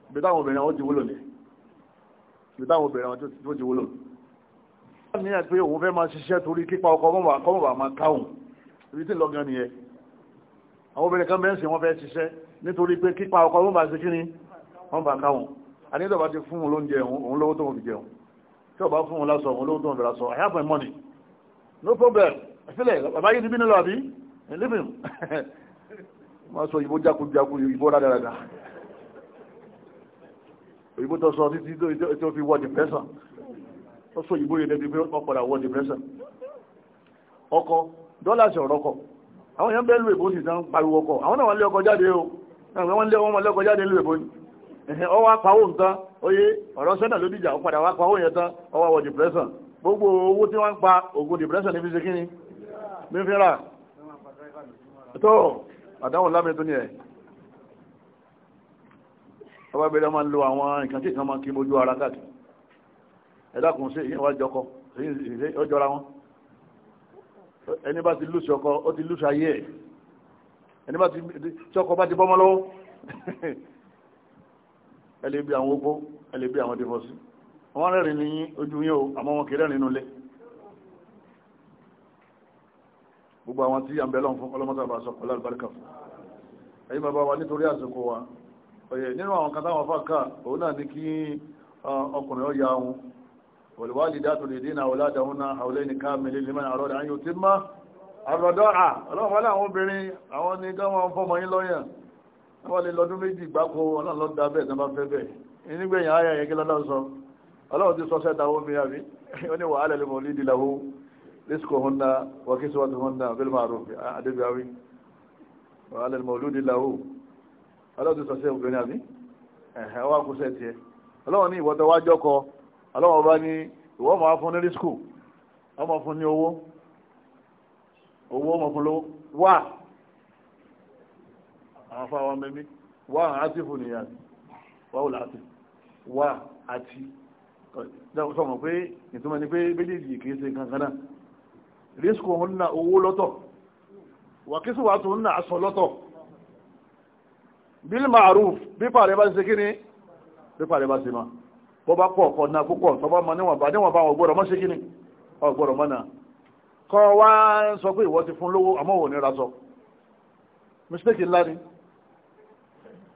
ibi táwọn obìnrin wọn ti wúlò ní ibi táwọn obìnrin wọn tó ti wúlò ní ẹ̀ pé òun fẹ́ máa ṣiṣẹ́ torí kípa ọkọ̀ kọ́mọ̀bà máa káhùn ibi tí lọ́gán ni ẹ àwọn obìnrin kan bẹ́ẹ̀sì wọ́n fẹ́ ṣiṣẹ́ nítorí pé kípa ọkọ̀ wọ́n bá kí ni wọ́n bá káhùn àníjọba ti fún un lóúnjẹ òun lówó tó fi jẹun tí ọba I have my money no problem ẹ̀fílẹ̀ bàbá yìí ti bí nílò àbí má sọ òyìnbó jákujàku òyìnbó rádaràdà òyìnbó tó sọ títí tó fi wọ depression tó sọ òyìnbó yẹn débi pé ọ̀padà wọ depression ọkọ dọ́là sí ọ̀rọ̀ kọ àwọn èèyàn bẹ́ẹ̀ lù èbó sì tán pariwo ọkọ àwọn náà wọ́n lé ọkọ jáde o wọ́n lé ọmọ lẹ́kọ jáde lù èbó ni ọwọ́ apáwò nǹkan oyé ọ̀rọ̀ sẹ́nà ló dìjà ọ̀padà wá pawó yẹn tán ọwọ́ wọ depression gbogbo owó tí wọ́n ń pa ògùn depression ní fi ṣe kíni mi fi rà tó àdáwò lámì tó ní ẹ̀ ọba ìbẹ̀rẹ̀ máa ń lo àwọn nǹkan tí ìkan máa kí mojú ara káàkiri ẹ̀dá kùn sí ìyẹn wá jọkọ ó jọra wọn ẹni bá ti lùsì ọkọ ó ti lùsì ayé ẹ̀ ẹni bá ti tí ọkọ bá ti bọ́mọ lọ́wọ́ ẹ lè bí àwọn opó ẹ lè bí àwọn dìbọ̀sí wọn rẹ̀rìn ní ojú yín o àmọ́ wọn kéré nínú ilé gbogbo àwọn tí yàn bẹ́lọ́n fún ọlọ́mọ́sàbà sọ̀kọ̀ lálùbáríkà fún ẹ̀yìn bàbá wa nítorí àsìkò wa ọ̀yẹ̀ nínú àwọn kan táwọn fàkà òun náà ní kí ọkùnrin ọ̀yà wọn wọ̀lúwàlì dátò lè dínà ọ̀làdáwọn náà àwọlẹ́ ní káàmìlì lè mẹ́rin àrọ́dà ayò tí má àrọ́dọ́ à ọlọ́wọ́ láwọn obìnrin àwọn ní káwọn fọmọ yín lọ́yàn wọ́n lè lọ́dún méjì رزقهن وكسوتهن بالمعروف أدب ياوي وعلى المولود له ألا تساسيه بني أبي ẹ̀hẹ̀ wá kú sẹ́ẹ̀tì ẹ̀ ọlọ́wọ́n ní ìwọ́tọ̀ wájọ́ kọ ọlọ́wọ́n bá ní ìwọ́ máa fún ní rísíkù ọmọ fún ní owó owó ọmọ fún lówó wà àwọn afọ àwọn mẹ́mí wà àti fún nìyà wà ó láti wà àti sọ̀rọ̀ pé ìtumọ̀ ni pé méjèèjì kìí ṣe kankan náà rísíkù òun náà owó lọ́tọ̀ wàkísùwà tó ń náà aṣọ lọ́tọ̀ bil ma'ruf pípa rẹ̀ bá ń ṣe kí ni pípa rẹ̀ bá ṣe ma bọ́ bá pọ̀ ọ̀kọ̀ náà púpọ̀ tó bá mọ níwọ̀n bá níwọ̀n bá wọn gbọ́dọ̀ mọ́ ṣe kí ni ọgbọ́dọ̀ mọ́ náà kọ́ wá ń sọ pé ìwọ ti fún lówó àmọ́ òun nira sọ mistake ńlá ni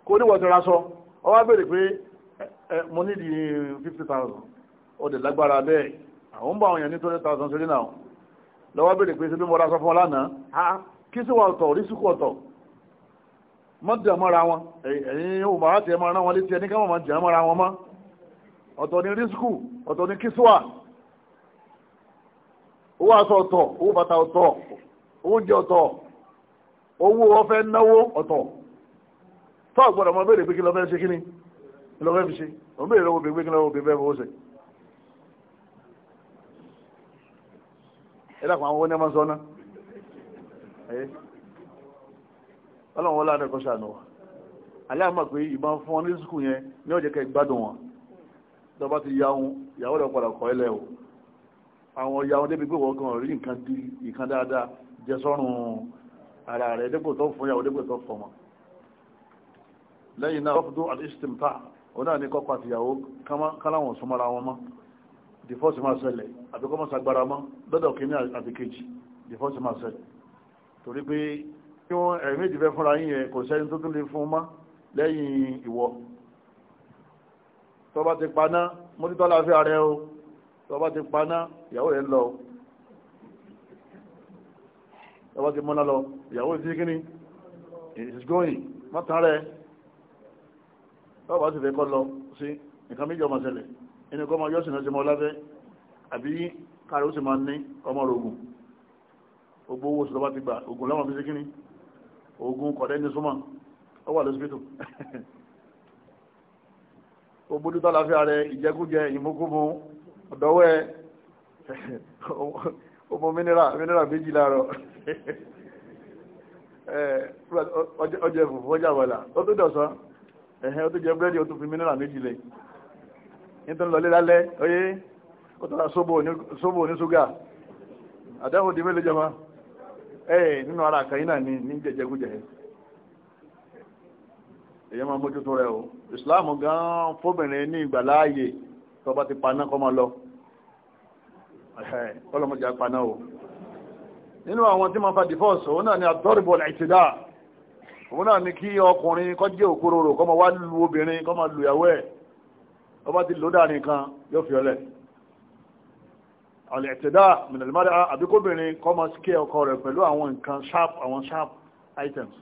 kò níwọ̀n ti ra ọ wá béèrè pé mo ní di fifty thousand ó dẹ̀ lágbára bẹ́ẹ̀ àwọn ń bá àwọn èèyàn ní twenty thousand ṣeré náà lọ́wọ́ bèèrè pé síbí mọ́ra sọ fún lánàá ha kí sí wà ọ̀tọ̀ orí ọ̀tọ̀ mọ́jà wọn ẹ̀yìn ọmọ láti ẹmọ wọn létí ẹni káwọn wọn mọ́ ọ̀tọ̀ ni rísíkù ọ̀tọ̀ ni owó aṣọ ọ̀tọ̀ owó bàtà ọ̀tọ̀ oúnjẹ ọ̀tọ̀ owó ọfẹ́ náwó ọ̀tọ̀ tó àgbọ̀dọ̀ mọ́ bèèrè pé kí ṣe kí ẹlẹ́kùn àwọn onímọ̀ sọ́nà ọlọ́run wọ́n láàrín ẹ̀kọ́ ṣàánú wa aláàmà pé ìbọn fún wọn ní sùkú yẹn ní ọjọ́ kẹ gbádùn wọn lọ́ba ti yaun ìyàwó rẹ̀ padà kọ́ ẹlẹ́ o àwọn yaun débi pé wọ́n kan rí nǹkan di nǹkan dáadáa jẹ sọ́run ara rẹ̀ dépò tó fún ìyàwó dépò tó fọmọ lẹ́yìn náà wọ́n fi tó àti ìsìtìmta òun náà ní kọ́kọ́ àtìyàwó káláwọn súnmọ́ra wọn mọ́ divorce máa ṣẹlẹ̀ àbí kọ́ máa ṣàgbára mọ́ lọ́dọ̀ kìíní àti kejì divorce máa ṣẹlẹ̀ torí pé kí wọ́n ẹ̀rí méjì fẹ́ fúnra yín yẹn kò sẹ́ni tó tún lè fún mọ́ lẹ́yìn ìwọ tó bá ti paná mójútó láàfíà rẹ o tó bá ti paná ìyàwó rẹ lọ tó bá ti mọ́ná lọ ìyàwó ti kíní it's going mọ́tàn rẹ tó bá ti fẹ́ kọ́ lọ sí nǹkan méjì ọmọ ṣẹlẹ̀ inú kọ́ ọmọ yọ́ sínú ọjọ́ ọlábẹ́ àbí káàrí ó sì máa ní ọmọ ogun ogbó owó sí lọ́wọ́ ti gbà ogun lọ́wọ́ fi sí kíní ogun kọ̀dẹ́ ní súnmọ́ ó wà lọ́sibítù ogbódú tálàfíà rẹ ìjẹkújẹ ìmúkúmu ọ̀dọ́wẹ́ ọmọ mínírà méjì láàárọ̀ ọjọ́ ìfòfò ọjà wàlà ó tó dọ̀sán ẹ̀hẹ́ ó tó jẹ búrẹ́dì ó tó fi mínírà méjì lẹ́yìn nítorí lọlé lálẹ́ oyé ó tọ́ra sóbò ní ṣúgà àdáhùn di mélòó jọmọ́ ẹ̀ nínú ara àkàyí náà ní ní jẹjẹgújẹ èyí máa mójútó rẹ̀ o Islam gan fóbìnrin ní ìgbàláàyè tó bá ti paná kọ́ ma lọ ọlọ́mọdé apaná o nínú àwọn tí máa fa divorce òun náà ni òun náà ni kí ọkùnrin jẹ́ òkúròrò wá lu obìnrin ọba ti lòdà nìkan yóò fi ọlẹ̀ àlẹ̀tẹ̀dá mìnàlùmọ́dá àbíkóbìnrin kọmọ síkẹ́ ọkọ rẹ̀ pẹ̀lú àwọn nǹkan sharp àwọn sharp items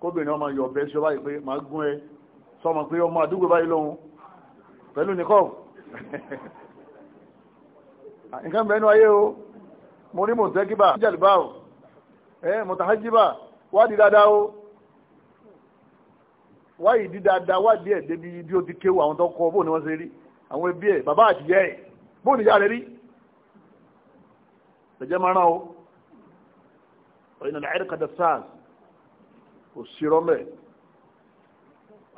kóbìnrin ọmọ yọ bẹ́ẹ̀ sí ọba yìí pé ma gún ẹ sọmọ pé ọmọ àdúgbò báyìí lóhun pẹ̀lú nìkọ́ nǹkan bẹ̀ẹ́nu ayé o mo ní mọ̀tẹ́kíbà jẹ́lìbá o mọ̀tàhájíbà wádìí dáadáa o wáyé di dáadáa wádìí ẹ̀ débi bí ó ti kéwò àwọn tó kọ bóun ni wọ́n ṣe rí àwọn ẹbí ẹ̀ bàbá àtìyẹ́ ẹ̀ bóun ìyá rẹ̀ rí ẹ̀jẹ̀ máa rán o ọ̀yìn náà ẹ̀rí kadà sars kò sí rọ́mẹ̀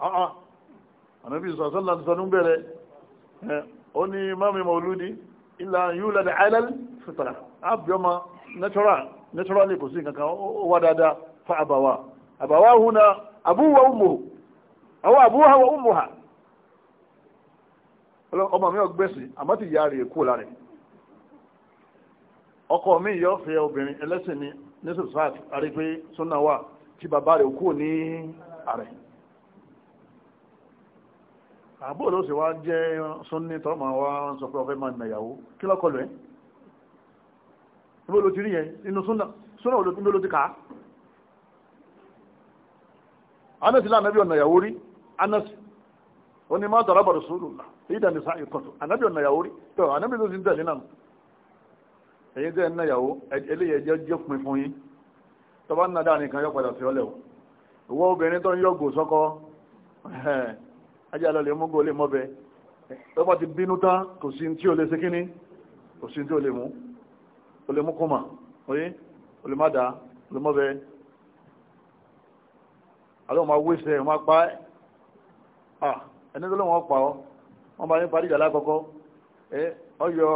ah, ah. àmì bí sọ̀sán láti sọ níbẹ̀rẹ̀ ó ní mami mọ̀lúdi ilà yúlẹ̀ dẹ̀ àìlẹ́l fìtàrà àbíọ́mọ naturally kò sí nǹkan kan ó wá dáadáa fa àbàwà àbàwà hùnà àbúwà ọmọ aw abuha wa ha ọmọ mi ò gbèsè àmọ́ ti yára lára ọkọ mi yọ fẹ́ obìnrin ẹlẹ́sìn ni ní sọ́sáàt àrí súnà wà tí bàbá rẹ̀ kú ní ààrẹ àbúrò ló sì wá jẹ́ súnni tọ́mà wá sọ pé ọfẹ́ máa nàyàwó kí lọ́kọlù ẹ́ níbo ló ti anas ó ní má daraba rasulullah ìdá nìsa ìkọ̀tù ànábì ọ̀nà ìyàwó rí tó ànábì tó ti ń tẹ̀lé náà ẹ̀yin tẹ́ ẹ̀ na ìyàwó eléyìí ẹjẹ́ jẹ́ pin fún yín na dáa o ìwọ obìnrin tó ń yọ gò sọ́kọ ajá lọ lè mú gò lè mọ́ bẹ tó ti bínú tán kò sí tí o lè ṣe kíní kò sí tí o lè mú o lè Ah, ẹni tó lóun ọ̀pá ọ wọ́n bá yín parí ìjà ọ eh, yọ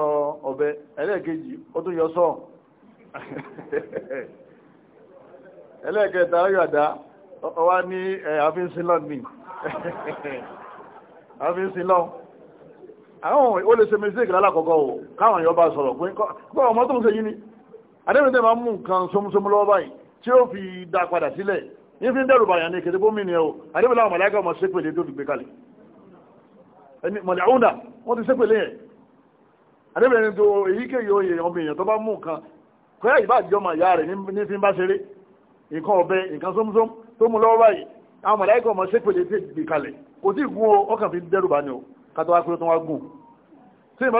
ọ̀bẹ ẹlẹ́ẹ̀kejì ó tún yọ ẹlẹ́ẹ̀kẹta ọ yọ àdá ọwá ní àfínsílọ́ eh, ní àwọn ò lè ṣe mistake lálákọ̀ọ́kọ́ o ní fi ń dẹ̀rù bàyàn ní kìtìbó mi ni ẹ̀ o àdébìlá àwọn màláíkà ọmọ sépèlé tó fi gbé kalẹ̀ ẹni mọ̀lẹ́húnà wọ́n ti sépèlé yẹn àdébìlá tó èyíkéyìí oyè ọmọ èèyàn tó bá mú nǹkan kọ́yà ìbá àjọmọ̀ ìyá rẹ̀ ní fi ń bá ṣeré nǹkan ọ̀bẹ nǹkan sómsóm tó mú lọ́wọ́ báyìí àwọn màláíkà ọmọ sépèlé tó o ọkàn fi ń dẹ̀rù bá ni o kátó wá pé tó wá gùn tí ìbá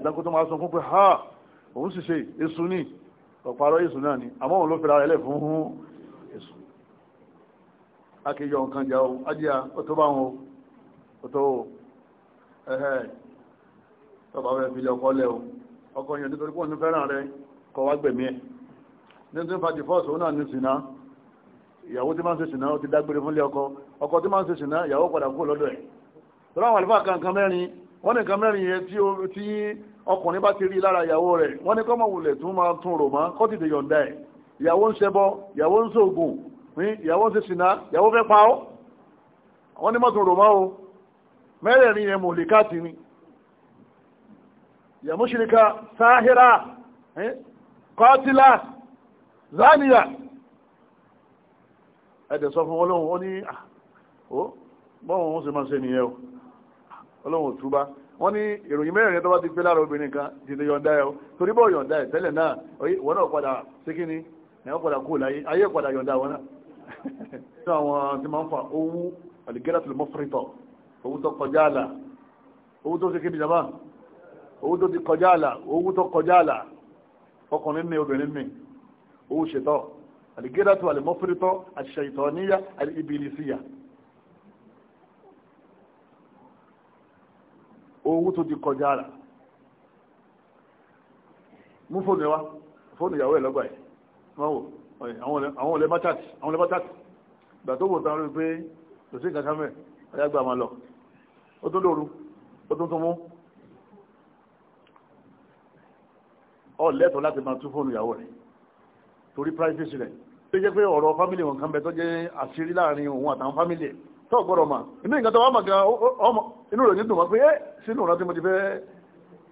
sì ha òun sì ọ̀pàrọ̀ èsù náà ni àmọ́ òun ló fi ara ẹlẹ́ fún èsù akéjọ nǹkan jà ohun ajíyà ó tó bá wọn ó tó ẹ̀hẹ́ tọba rẹ̀ fi lè ọkọ lẹ́ o ọkọ yẹn nítorí pọ̀ ní fẹ́ràn rẹ̀ kọ wá gbẹ̀mí ẹ̀ nítorí fàtí fọ́ọ̀sì òun náà ní sìnà ìyàwó tí máa ń ṣe sìnà ó ti dágbére fúnlé ọkọ ọkọ tí máa ń ṣe sìnà ìyàwó padà kú lọ́dọ̀ ẹ̀ tọ́lá àwọn àlùfáà kan kan mẹ́rin wọ́n nìkan mẹ́rin yẹn tí ọkùnrin bá ti rí lára ìyàwó rẹ̀ wọ́n ní kọ́mọ̀ wulẹ̀ tún máa tún rò mọ́ kó tètè yọ̀ǹda ẹ̀ ìyàwó ń ṣẹbọ ìyàwó ń ṣoògùn ìyàwó ń ṣe ṣìnà ìyàwó fẹ́ pa ọ́ wọ́n ní mọ́tún rò mọ́ o mẹ́rẹ̀ẹ̀rin yẹn mọ̀lẹ́ká ti ni yàmúṣìríkà sáhírà kọ́tílà záníyà ẹ̀dẹ̀ sọ fún ọlọ́run ó ní bọ́wọ̀n ó sì máa ṣe nìyẹn wọ́n ní ìròyìn mẹ́rin tó bá ti gbé lára obìnrin kan ti lè yọ̀ǹda ẹ̀ torí bọ́ yọ̀ǹda ẹ̀ tẹ́lẹ̀ náà wọ́n náà padà sí kí ni ẹ̀wọ́n padà kú láyé ayé padà yọ̀ǹda wọn náà nínú àwọn tí máa ń fa owó àlìgẹ́rà tó lè mọ́ fúrítọ̀ owó tó kọjá àlà owó tó ṣe kí ni jama owó tó ti kọjá àlà owó tó kọjá àlà ọkùnrin mi obìnrin mi owó ṣètọ́ àlìgẹ́rà tó àlè mọ́ àṣẹ ìtọ̀ níyà àlè síyà owó tó ti kọjá rà mú fóònù wa fóònù ìyàwó ẹ̀ lọ́gbà ẹ̀ àwọn olè mátàtì àwọn olè mátàtì ìgbà tó wò tán rí pé kò sí nǹkan kámẹ́ ayágbà máa lọ ó tún lóru ó tún tún mú ọ lẹ́tọ̀ọ́ láti máa tún fóònù ìyàwó rẹ̀ torí privacy rẹ̀ tó jẹ́ pé ọ̀rọ̀ fámìlì wọn kan bẹ tó jẹ́ àṣírí láàrin òun àtàwọn fámìlì tó gbọ́dọ̀ mà inú nǹkan tó wà mà gan ọmọ inú rẹ̀ nídùn mọ́ pé ẹ́ sínú ọ̀nà tí mo ti fẹ́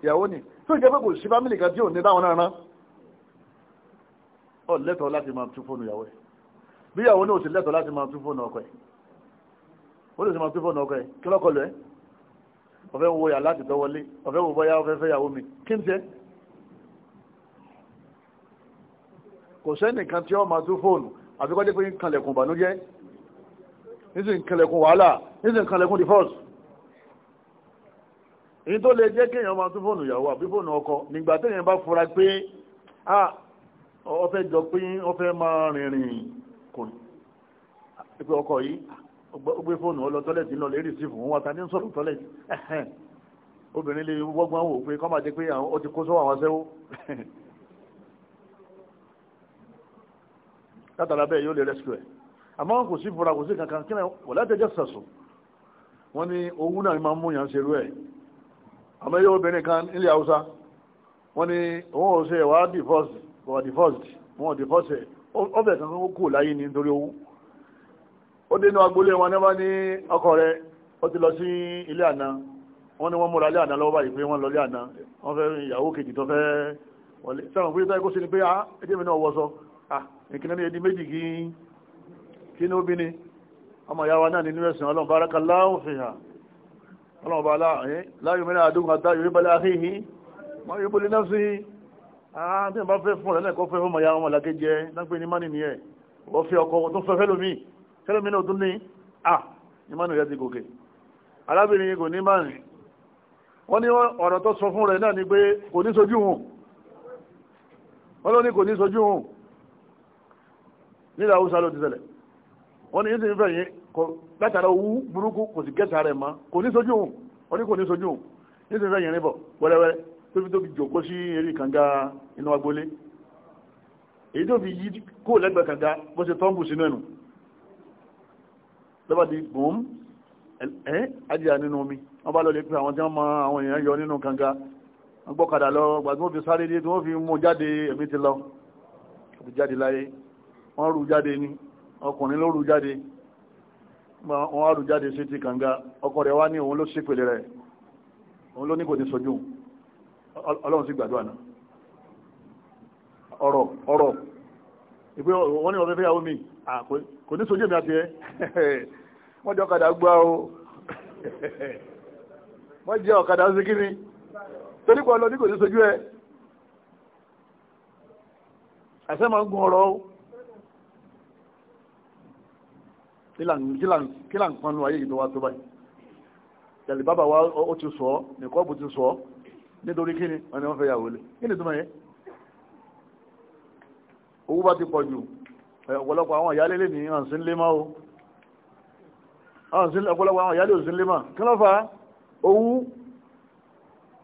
ìyàwó ni tó jẹ́ pé kò sí fámìlì kan tí ò ní dáwọn náà rán ọ lẹ́tọ̀ọ́ láti máa tún fóònù ìyàwó ẹ̀ bí ìyàwó náà ò sì lẹ́tọ̀ọ́ láti máa tún fóònù ọkọ ẹ̀ ó lè sì máa tún fóònù ọkọ ẹ̀ kí lọ́kọ lọ ẹ́ ọ̀fẹ́ wo yà láti tọ́ wọlé ọ̀fẹ́ wo bọ́yá ọ̀fẹ́ fẹ́ ìyàwó mi kí n jẹ́ kò sẹ́nìkan tí ó máa nísìn kẹlẹ̀kùn wàhálà nísìn kẹlẹ̀kùn divorce èyí tó lè jẹ́ kéèyàn máa tún fóònù ìyàwó àbí fóònù ọkọ nígbà téèyàn bá fura pé ọfẹ́ jọ pé ọfẹ́ máa rìnrìn kò pé ọkọ yìí ó gbé fóònù ọlọ tọ́lẹ̀tì lọ lérí sí fún wọn ta ní sọ̀rọ̀ tọ́lẹ̀tì obìnrin lè wọ́gbọ́n wò pé kọ́mà jẹ́ pé ó ti kó sọ́wọ́ àwọn sẹ́wó látara bẹ́ẹ̀ yóò lè rescue ẹ̀ àmọ́ kò sí fura kò sí kankan kí náà wọ́n látẹ̀jẹ́ sàṣù wọ́n ní owó náà máa mú yàn ṣerú ẹ̀ àmọ́ yóò obìnrin kan nílẹ̀ haúsá wọ́n ní òun ò ṣe ẹ̀wà divorce wọ́n divorce wọ́n divorce ọbẹ̀ kan kú láyé ní nítorí owó ó dé inú agboolé wọn níwá ní ọkọ rẹ̀ ó ti lọ sí ilé àná wọ́n ní wọ́n múra ilé àná lọ́wọ́ báyìí pé wọ́n lọ ilé àná wọ́n fẹ́ ìyàwó kejì tó fẹ́ wọlé sẹ́wọ̀n pé tó yẹ sí ni pé ah ẹjẹ́ kí ní obìnrin ọmọ ìyá wa náà nínú ẹ̀sìn ọlọ́run barakallahu fiha ọlọ́run bá láàyò mẹ́rin àdúgbò àtà yóò bá láàáhìhì wọ́n yóò bólé náà sí ààbí bá fẹ́ fún ọ̀lẹ́lẹ́ kọ́ fẹ́ fún ọmọ ìyá wọn làkejì lágbé ní mánì nìyẹn wọ́n fi ọkọ̀ tó fẹ́ fẹ́lómi fẹ́lómi náà tún ní à ah, ní mánì rẹ̀ ti gòkè arábìnrin yìí kò ní mánì ọ̀rọ̀ tó sọ fún rẹ̀ náà ni pé kò ní sojú hùn wọ́n ló ní kò ní sojú hùn nílẹ̀ haúsá ti ṣẹlẹ̀ wọ́n ní ìsìn fẹ̀yìn látara owó burúkú kò sì kẹsà rẹ̀ mọ́ kò ní sojú òun wọ́n ní kò ní sojú òun ìsìn fẹ̀yìn rìn bọ̀ wẹ́rẹ́wẹ́rẹ́ tó fi tó fi jòkó sí eré kànga inú agbolé èyí tó fi yí kó lẹ́gbẹ̀ẹ́ kànga bó ṣe tọ́ǹbù sínú ẹ̀nu lọ́ba di gbòm ẹ̀ ajíyà nínú omi wọ́n bá lọ lè pe àwọn tí wọ́n mọ àwọn èèyàn yọ nínú kànga wọ́n gbọ́kadà lọ gbàgbọ́ fi sáré dé tí wọ́n fi mú jáde ẹ̀mí ti lọ jáde láyé wọ́n rú jáde ní ọkùnrin ló rú jáde wọ́n rú jáde sí ti kànga ọkọ rẹ̀ wá ní òun ló sí pèlè rẹ̀ òun ló ní kò ní sojú ọlọ́run sí gbàdúrà náà ọ̀rọ̀ ọ̀rọ̀ ìpé wọ́n ní ọ̀fẹ́ fẹ́ yàwó mi kò ní sojú mi àti ẹ́ wọ́n jẹ́ ọ̀kadà gbá o wọ́n jẹ́ ọ̀kadà ni torípọ̀ ní kò ní sojú ẹ kí là ń pọn lu ayé yìí tó wá tó báyìí jàlè bàbá wa ó ti sọ ọ́ nìkọ́ bó ti sọ ọ́ nítorí kí ni wọ́n ni wọ́n fẹ́ yàwó lé kí ni tó máa yẹ owó bá ti pọ̀ jù ọ̀pọ̀lọpọ̀ àwọn ìyálé lè ní ọ̀sìn lé o ọ̀pọ̀lọpọ̀ àwọn ìyálé òsìn lé máa kí ló fà owó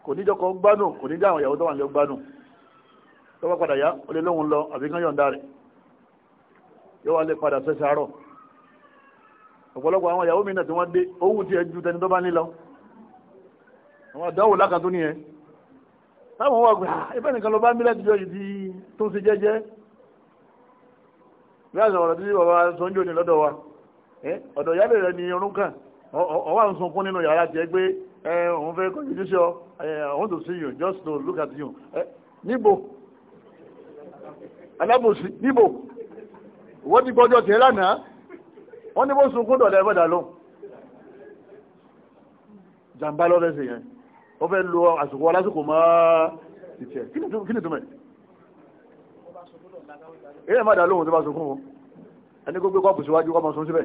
kò ní jọkọ̀ gbádùn kò ní dá àwọn ìyàwó tó wà ní ọ̀pọ̀lọpọ̀ àwọn ìyàwó mìíràn tí wọ́n dé owó tí ẹ tẹni tó bá nílọ àwọn àdánwò lákan tó nìyẹn táwọn wà gbà ah, ẹbẹ́ nìkan lọ bá mílẹ̀ tí yọ̀yì tí tó ń ṣe jẹ́jẹ́ bí àṣà I want to see you just to look at you níbo alábòsí níbo wọ́n ti gbọ́jọ́ tiẹ̀ lánàá wọ́n ní bó sunkún dọ̀lẹ́ ẹgbẹ́dà lọ jàǹbá lọ́rẹ́ sí yẹn ó fẹ́ lo àsìkò alásìkò mọ́ ìtẹ̀ kí ni túmẹ̀ èyí má dà lóhun tó bá sunkún wọn ẹni gbogbo kọ́pù síwájú kọ́ mọ́ sun síbẹ̀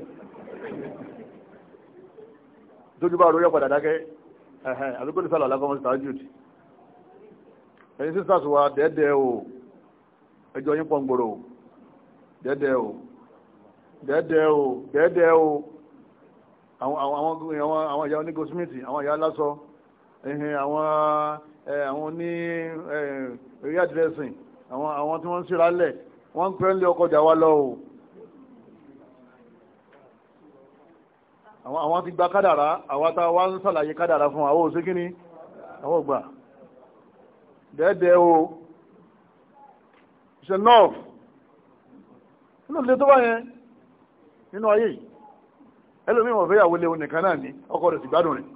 tójú bá ròyìn padà dákẹ́ ẹ̀hẹ́n àbíkó ní sálọ̀ alákọ́mọ́ sí tàájú ti ẹni sísàsùwà dẹ́ẹ̀dẹ́ o ẹjọ́ yín pọ̀ ń gbòòrò dẹ́ẹ̀dẹ́ o dẹ́dẹ́ o dẹ́dẹ́ o àwọn àwọn ìyá onígosmith àwọn ìyá aláṣọ àwọn àwọn ní rí àdírẹ́sìn àwọn àwọn tí wọ́n ń síra lẹ̀ wọ́n ń pẹ́ ń lé ọkọjà wa lọ o àwọn ti gba kádàrá àwọn tá wá ń sàlàyé kádàrá fún àwọn òsí kíní àwọn ògbà dẹ́ẹ̀dẹ́ o ṣe north nínú ilé tó bá yẹn nínú ayé yìí ẹlòmíì wọn fẹ́ yàwó léwu nìkan náà ní ọkọ rẹ̀ sì gbádùn rẹ̀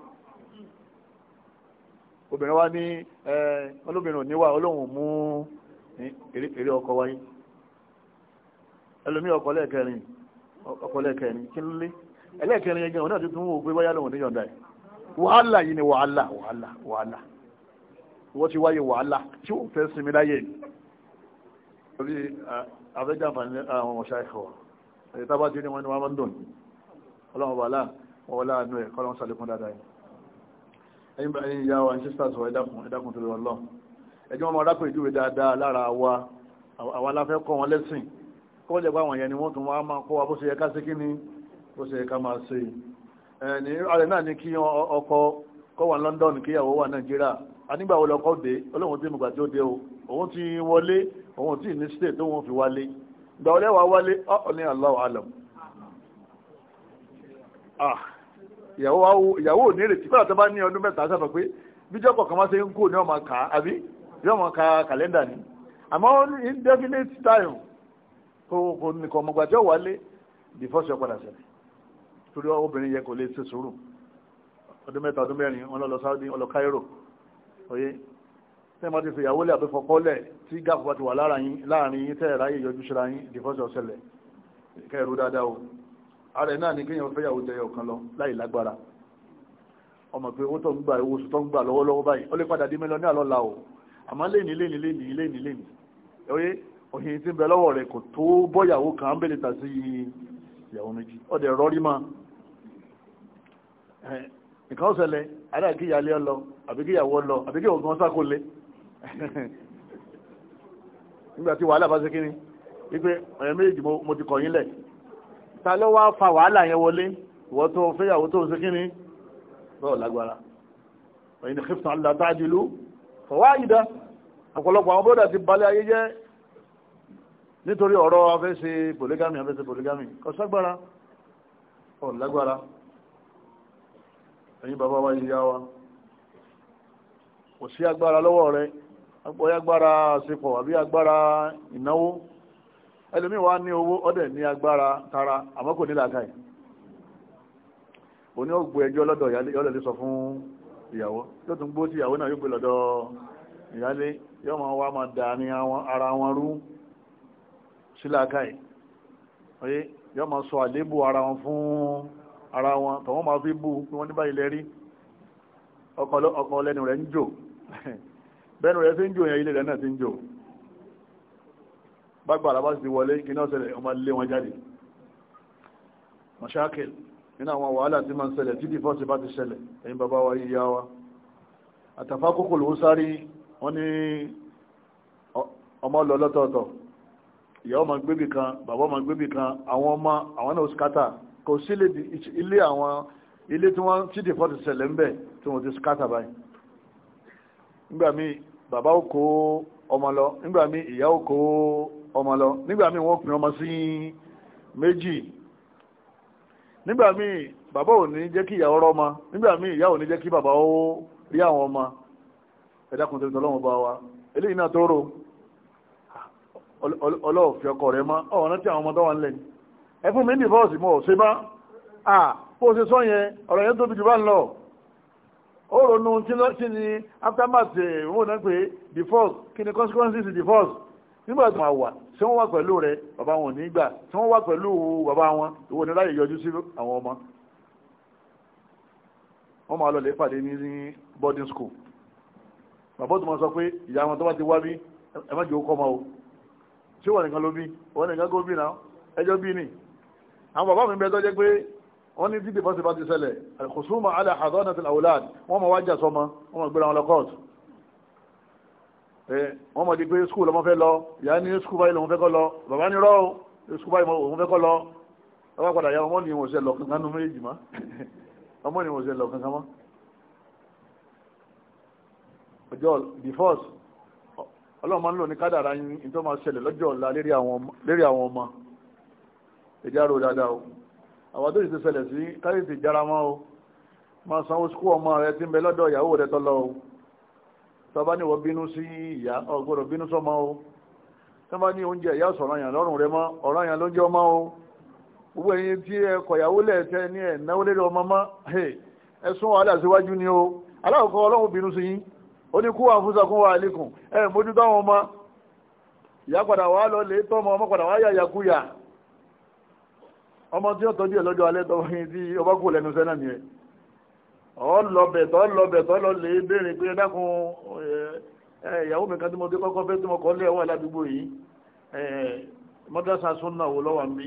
obìnrin wa ní olóbìnrin òní wa olóhùn mú eré ọkọ wáyé ẹlòmíì ọkọ lẹ́ẹ̀kẹrin ọkọ lẹ́ẹ̀kẹrin kí ló lé ẹlẹ́ẹ̀kẹrin yẹn gan ọ̀nà tuntun wò pé wáyà lòun ní wàhálà yìí ni wàhálà wàhálà wàhálà wọ́n ti wáyé wàhálà tí ó fẹ́ sinmi láyé ni. torí àfẹ́jàǹfà ní àwọn ọ̀ṣà ẹ̀kọ́ ẹ̀yẹ tábà jẹ́ ní wọn ni wọ́n máa ń dùn ọlọ́run wà láà wọ́n sisters wa ẹ̀dàkùn ẹ̀dàkùn tó lọ lọ ẹ̀jẹ̀ wọn máa rápò la fẹ́ kọ́ wọn lẹ́sìn kọ́ jẹ́ pé àwọn yẹn ni wọ́n tún wá ni bó ṣe yẹ ká máa ṣe ẹni alẹ́ náà ni kí ọkọ kọ́ wà London kíyàwó wà Nàìjíríà anígbàwó lọkọ̀ dé olóhùn tí mo gbà tí ó dé o òun ti wọlé òun ti ní state tó wọn fi wálé gbàwọlé wà wálé ọ̀ ní Allahu alam ah, ìyàwó ò ní ìrètí kọ́lá tó bá ní ọdún mẹ́ta sáfà pé bíjọ́ kọ̀ọ̀kan máa ṣe ń kó ní ọmọ kà á àbí yóò mọ ka kàlẹ́ndà ni àmọ́ indefinite time kò kò nìkan ọmọgbàjọ́ wálé divorce yọ padà ṣẹlẹ̀ torí obìnrin yẹ kò lè ṣe sùúrù ọdún mẹ́ta ọdún mẹ́rin wọn lọ lọ Saudi wọn lọ Cairo oyè tẹ́ ma ti fi ìyàwó tí bá ti wà láàrin yín yọjú síra yín dáadáa o ààrẹ náà ni kéèyàn fẹ́ yàwó jẹyọ kan lọ láì lágbára ọmọ pé owó tó gbà owó tó gbà lọ́wọ́lọ́wọ́ báyìí ó lè padà di mílíọ̀nù àlọ́la o àmọ́ lẹ́ni lẹ́ni lẹ́ni lẹ́ni lẹ́ni oye òyìn bẹ lọ́wọ́ rẹ̀ kò tó kan ń ìyàwó méjì ma nǹkan lọ lọ gan nígbà tí wàhálà bá ṣe kí ni wípé ọ̀yẹ́ méjì mo ti kọ̀ yín lẹ̀ ta ló wá fa wàhálà yẹn wọlé ìwọ tó fẹ́yàwó tó ṣe kí ni bọ́ọ̀ lágbára ọ̀yìn kìftàn alátàjìlú fọwá ìdá ọ̀pọ̀lọpọ̀ àwọn bọ́dà ti balẹ̀ ayé jẹ́ nítorí ọ̀rọ̀ afẹ́ṣe polygamy afẹ́ṣe polygamy kọságbára ọ̀ lágbára ẹ̀yin bàbá wa yíya wa kò sí agbára lọ́wọ́ rẹ̀ bóyá agbára àsìkò àbí agbára ìnáwó ẹlòmíì wá ní owó ọ̀dẹ̀ ní agbára tara àmọ́ kò ní làákàyè òní ó gbé ẹjọ́ lọ́dọ̀ ìyálé lè sọ fún ìyàwó yóò tún gbó tí ìyàwó náà yóò gbé lọ́dọ̀ ìyálé yóò máa wá máa dà ní ara wọn rú sí làákàyè oyé yóò máa sọ àléébù ara wọn fún ara wọn tọ̀wọ́n máa fi bú wọn ní báyìí lẹ́rí ọkọ̀ lẹ́nu rẹ̀ ń jò bẹ́ẹ̀nu rẹ̀ fi ń jò yẹn ilé rẹ̀ náà ti ń jò bágbàrà bá ti wọlé kí náà ṣẹlẹ̀ ọmọ lé wọn jáde mọ̀ṣákìl nínú àwọn wàhálà tí máa ń ṣẹlẹ̀ títí fọ́sí bá ti ṣẹlẹ̀ ẹ̀yin bàbá wa yíya wa àtàfà kókò ló sáré wọn ní ọmọ lọ lọ́tọ̀ọ̀tọ̀ ìyá ọmọ gbébì kan bàbá ọmọ gbébì kan àwọn ọmọ àwọn náà skata kò sí ilé àwọn ilé tí wọ́n títí fọ́sí ṣẹlẹ̀ ń bẹ̀ tí wọ́n ti skata báyìí nígbà míì bàbá oko ọmọ lọ nígbà míì ìyá ó ọmọ lọ nígbà míì wọ́n pín ọmọ sí méjì nígbà míì bàbá ò ní jẹ́ kí ìyàwó rọ́mọ nígbà míì ìyá ò ní jẹ́ kí bàbá ó rí àwọn ọmọ ẹ̀dákun tó ń tọ́lọ́wọ́ bá wa eléyìí náà tó rò ọlọ́ọ̀fẹ́ ọkọ̀ rẹ̀ mọ́ ọ̀nà tí àwọn ọmọ tó wà ń lẹ́yìn a bó ṣe sọ yẹn ọ̀rọ̀ yẹn bá ń lọ ó ronú tí ni after ní aftermath ìwọ̀n eh, náà pé divorce kí ni consequences divorce nígbà tó máa wà tí wọ́n wà pẹ̀lú rẹ bàbá wọn ò ní gbà tí wọ́n wà pẹ̀lú bàbá wọn ìwọ ni láyè yọjú sí àwọn ọmọ wọ́n máa lọ lè pàdé ní boarding school bàbá tó máa sọ pé ìyá wọn tó bá ti wá bí ẹ má jẹ́ ó kọ́ ọmọ o tí wọ́n nìkan ló bí wọ́n nìkan kó bí náà ẹjọ́ bí ni àwọn bàbá mi bẹ́ẹ̀ tó jẹ́ pé wọ́n ní dídì bọ́sẹ̀ bá ti ṣẹlẹ̀ alkhusuma ala hadonat alawlad wọ́n ma wájà sọmọ wọ́n ma gbéra wọn lọ kóòtù wọ́n mọ̀ di pé skul ọmọ fẹ́ lọ ìyá ní skul báyìí lòun fẹ́ kọ́ lọ bàbá ní rọ́ọ̀ skul báyìí lòun fẹ́ kọ́ lọ ọwọ́ padà ya ọmọ nìyẹn òṣèlọ kankan nínú méjì má ọmọ nìyẹn òṣèlọ kankan má ọjọ́ divorce ọlọ́run àwọn tó ìsẹ́ ṣẹlẹ̀ sí káyìsì jára mọ́ o máa sanwó síkú ọmọ rẹ tí ń bẹ lọ́dọ̀ ìyàwó rẹ tọ́lọ o tó bá ní wọ́n bínú sí ìyá ọgbọ́dọ̀ bínú sọ́mọ o tó bá ní oúnjẹ ìyá sọ̀rọ̀ yàn lọ́rùn rẹ mọ́ ọ̀rọ̀ yàn ló ń jẹ́ ọmọ o gbogbo ẹ̀yin tí ẹ kọ̀yàwó lẹ́ẹ̀tẹ́ ní ẹ̀ náwó lérí ọmọ mọ́ ẹ sún wàhálà síwájú ni o alákọ̀ọ́kọ́ ọlọ́run bínú sí yín ó ní kúwà fún sakún wa àlékún ẹ mójútó àwọn ọmọ ìyá padà wà lọ lè tọ́ ọmọ ọmọ padà wà yà yàkúyà ọmọ tí ó tọ́jú ẹ̀ lọ́jọ́ alẹ́ tọ́ yín tí ọba kò lẹ́nu sẹ́nà ni ẹ̀ ọ lọ bẹ̀ tọ́ lọ bẹ̀ tọ́ lọ lè béèrè pé dákun ìyàwó mi kan tí mo dé kọ́kọ́ fẹ́ tí mo kọ́ lé ẹ̀wọ́ aládùúgbò yìí mọ́dásá súnà wo lọ́wọ́ àmì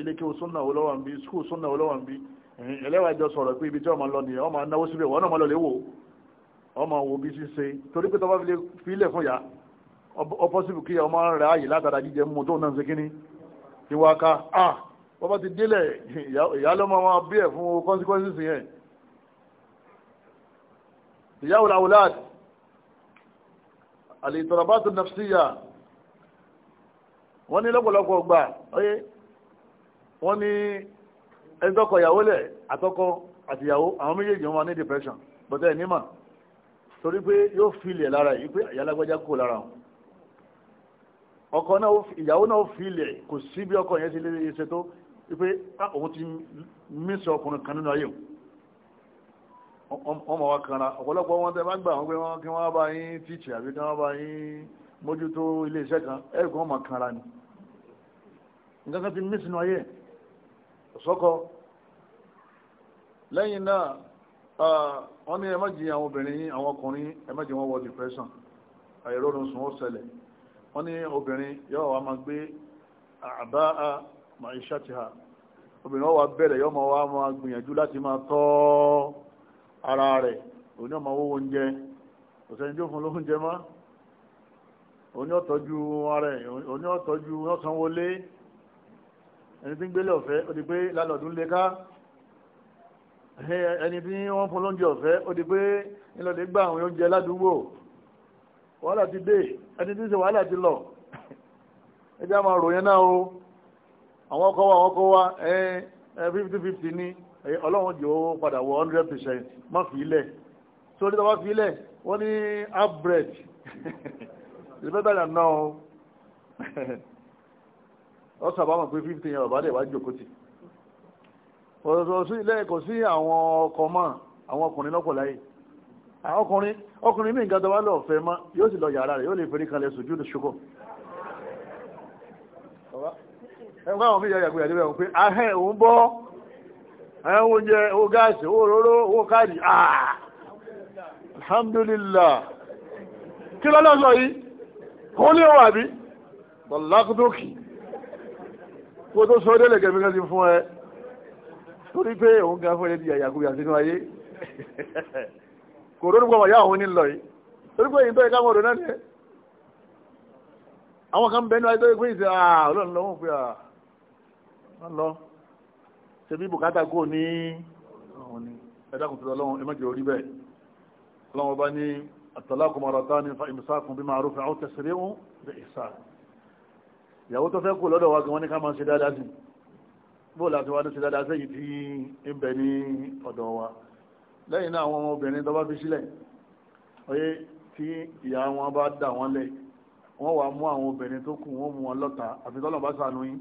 ilé kí o súnà wo lọ́wọ́ àmì skul súnà wo lọ́wọ́ àmì ẹlẹ́wàá jọ sọ̀rọ̀ pé ibi tí ọmọ lọ nìyẹn ọmọ náwó síbẹ̀ wọ́n náà máa lọ lè wò ọmọ wo bí ṣíṣe torí pé tọ́ba fi lè fi ilẹ̀ fún yà ọ ìwàka a ah, bọ́bá ti délẹ̀ ìyá ló máa bí ẹ̀ fún owó consequences yẹn ìyá wùlàwùlàd àlètọ̀rọ̀bátò nàfṣíyà wọ́n ní lọ́pọ̀lọpọ̀ ọgbà ọyẹ́ wọ́n ní ẹ̀ńtọ́kọ ìyàwó lẹ̀ àtọ́kọ àtìyàwó àwọn méjèèjì wọn ní depression bọ́tẹ́ ẹ̀ nímà torí pé yóò fìlẹ̀ lára yìí pé àyálágbájá kò lára wọn ọkọ náà ìyàwó náà filẹ̀ kò sí bí ọkọ yẹn ti lè ṣe tó wípé ah, òun ti mísọ ọkùnrin kan nínú ayé ọmọ wa kanra ọ̀pọ̀lọpọ̀ wọn tẹ́ bá gbà wọn pé wọn kí wọ́n bá yín tíìtì àbí kí wọ́n bá yín mójútó ilé iṣẹ́ kan ẹ̀rù kan máa kanra ni nǹkan kan ti mí sínú ayé sọ́kọ lẹ́yìn náà ah, wọ́n ní ẹ má jìyàn àwọn obìnrin àwọn ọkùnrin ẹ má jìyàn wọn wọ depression àìrórun sùn ó ṣẹlẹ̀ wọ́n ní obìnrin yóò wá máa gbé àbá maishatiha obìnrin wọ́n wá bẹ̀rẹ̀ yóò máa wá máa gbìyànjú láti máa tọ́ ara rẹ̀ òní ọmọ owó oúnjẹ òsèǹ jó fún lóúnjẹ mọ́ òní ọ̀tọ́jú ara ẹ̀ òní ọ̀tọ́jú ọ̀sánwọlé ẹni tí ń gbélé ọ̀fẹ́ ó di pé lálọ́dún lé ká ẹni tí wọ́n fún lóúnjẹ ọ̀fẹ́ ó di pé ńlọ́dẹ gbà àwọn oúnjẹ ládùúgbò wàhálà ti dé ẹni tí ń ṣe wàhálà ti lọ ẹ jẹ́ àmọ́ náà o àwọn ọkọ̀ wa àwọn ọkọ̀ wa fifty fifty ní ọlọ́run jò ó padà wọ hundred percent má fi ilẹ̀ sórí tó bá fi ilẹ̀ wọ́n ní half bread it's better than now ọ sábà mọ̀ pé fifty yẹn bàbá dẹ̀ wá jòkó tì ọ̀sọ̀ sí ilẹ̀ kò sí àwọn ọkọ̀ mọ́ àwọn ọkùnrin lọ́pọ̀ láyé ọkùnrin ọkùnrin mí nǹkan tó wá lọ́ọ̀fẹ́ mọ́ yóò sì lọ yàrá rẹ̀ yóò lè fẹ́rí kalẹ̀ sùjú ní ṣokọ̀ ẹgbẹ́ àwọn fíjà yàgbé àdébẹ̀ òun pé ahẹ́ òun bọ́ ẹ̀hún oúnjẹ owó gáàsì owó òróró owó káàdì ah! alhamdulillah kí lọ́lọ́ sọ yìí kó ní òwà bí bọ̀lákútókì kó tó sọ délẹ̀ kẹ́mi kan ti fún ẹ torí pé òun gan fún ẹ ti yàyàgbé àti kò rórúkọ wọ̀nyá òun ní lọ yìí torí pé ìtọ́ ìkáwọn ọ̀dọ̀ náà ni àwọn kan bẹnu ayé tó gbé ìsìn àà ọlọ́run lọ́wọ́ pé àà wọ́n lọ ṣe bí bùkátà kò ní ọ̀hún ni ẹ̀dàkùn tó lọ́wọ́ ẹmọ́jẹ̀ orí bẹ́ẹ̀ ọlọ́run ọba ní àtàlákùn marata ní fa ìmùsákùn bí máa rúfin àwọn tẹ̀sẹ̀rẹ̀ ń bẹ ìsà ìyàwó tó fẹ́ kú lọ́dọ̀ wa gan wọn ní ká máa ṣe dáadáa lẹ́yìn náà àwọn ọmọbìnrin tó bá fi sílẹ̀ oyé tí ìyá wọn bá dà wọ́n lẹ̀ wọ́n wà mú àwọn obìnrin tó kù wọ́n mú wọn lọ́ta àfi tọ́lọ̀ bá sànú yín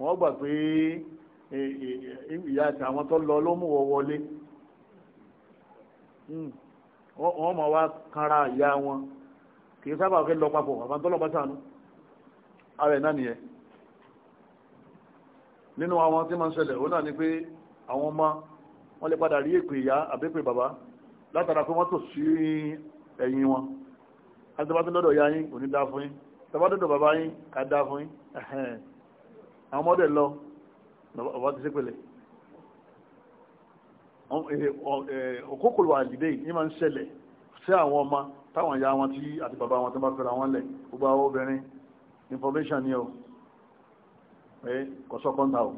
wọ́n gbà pé e, e, e, ìyá àti àwọn tó lọ ló mú wọ wọlé hmm. wọ́n mọ̀ wá kára ìyá wọn kì í sábà fẹ́ lọ papọ̀ àfi tọ́lọ̀ bá sànú ara ẹ̀ náà nìyẹn nínú àwọn tí máa ń ṣẹlẹ̀ ó náà ni pé àwọn ọmọ wọ́n lè padà rí èpè ìyá àbẹ́pè bàbá látara pé wọ́n tò sí ẹ̀yìn wọn àtẹ́bátí lọ́dọ̀ ya yín kò ní dá fún yín tẹ́bátọ́dọ̀ bàbá yín ká dá fún yín àwọn ọmọdé lọ bàbá ti sépèlè eh, eh, òkókòlò àdìdé yìí máa ń ṣẹlẹ̀ sí àwọn ọmọ táwọn ìyá wọn tí àti bàbá wọn tó bá fẹ́ra wọn lẹ̀ gbogbo àwọn obìnrin information ni o eh, kọ̀sọ́kọ́ńtà o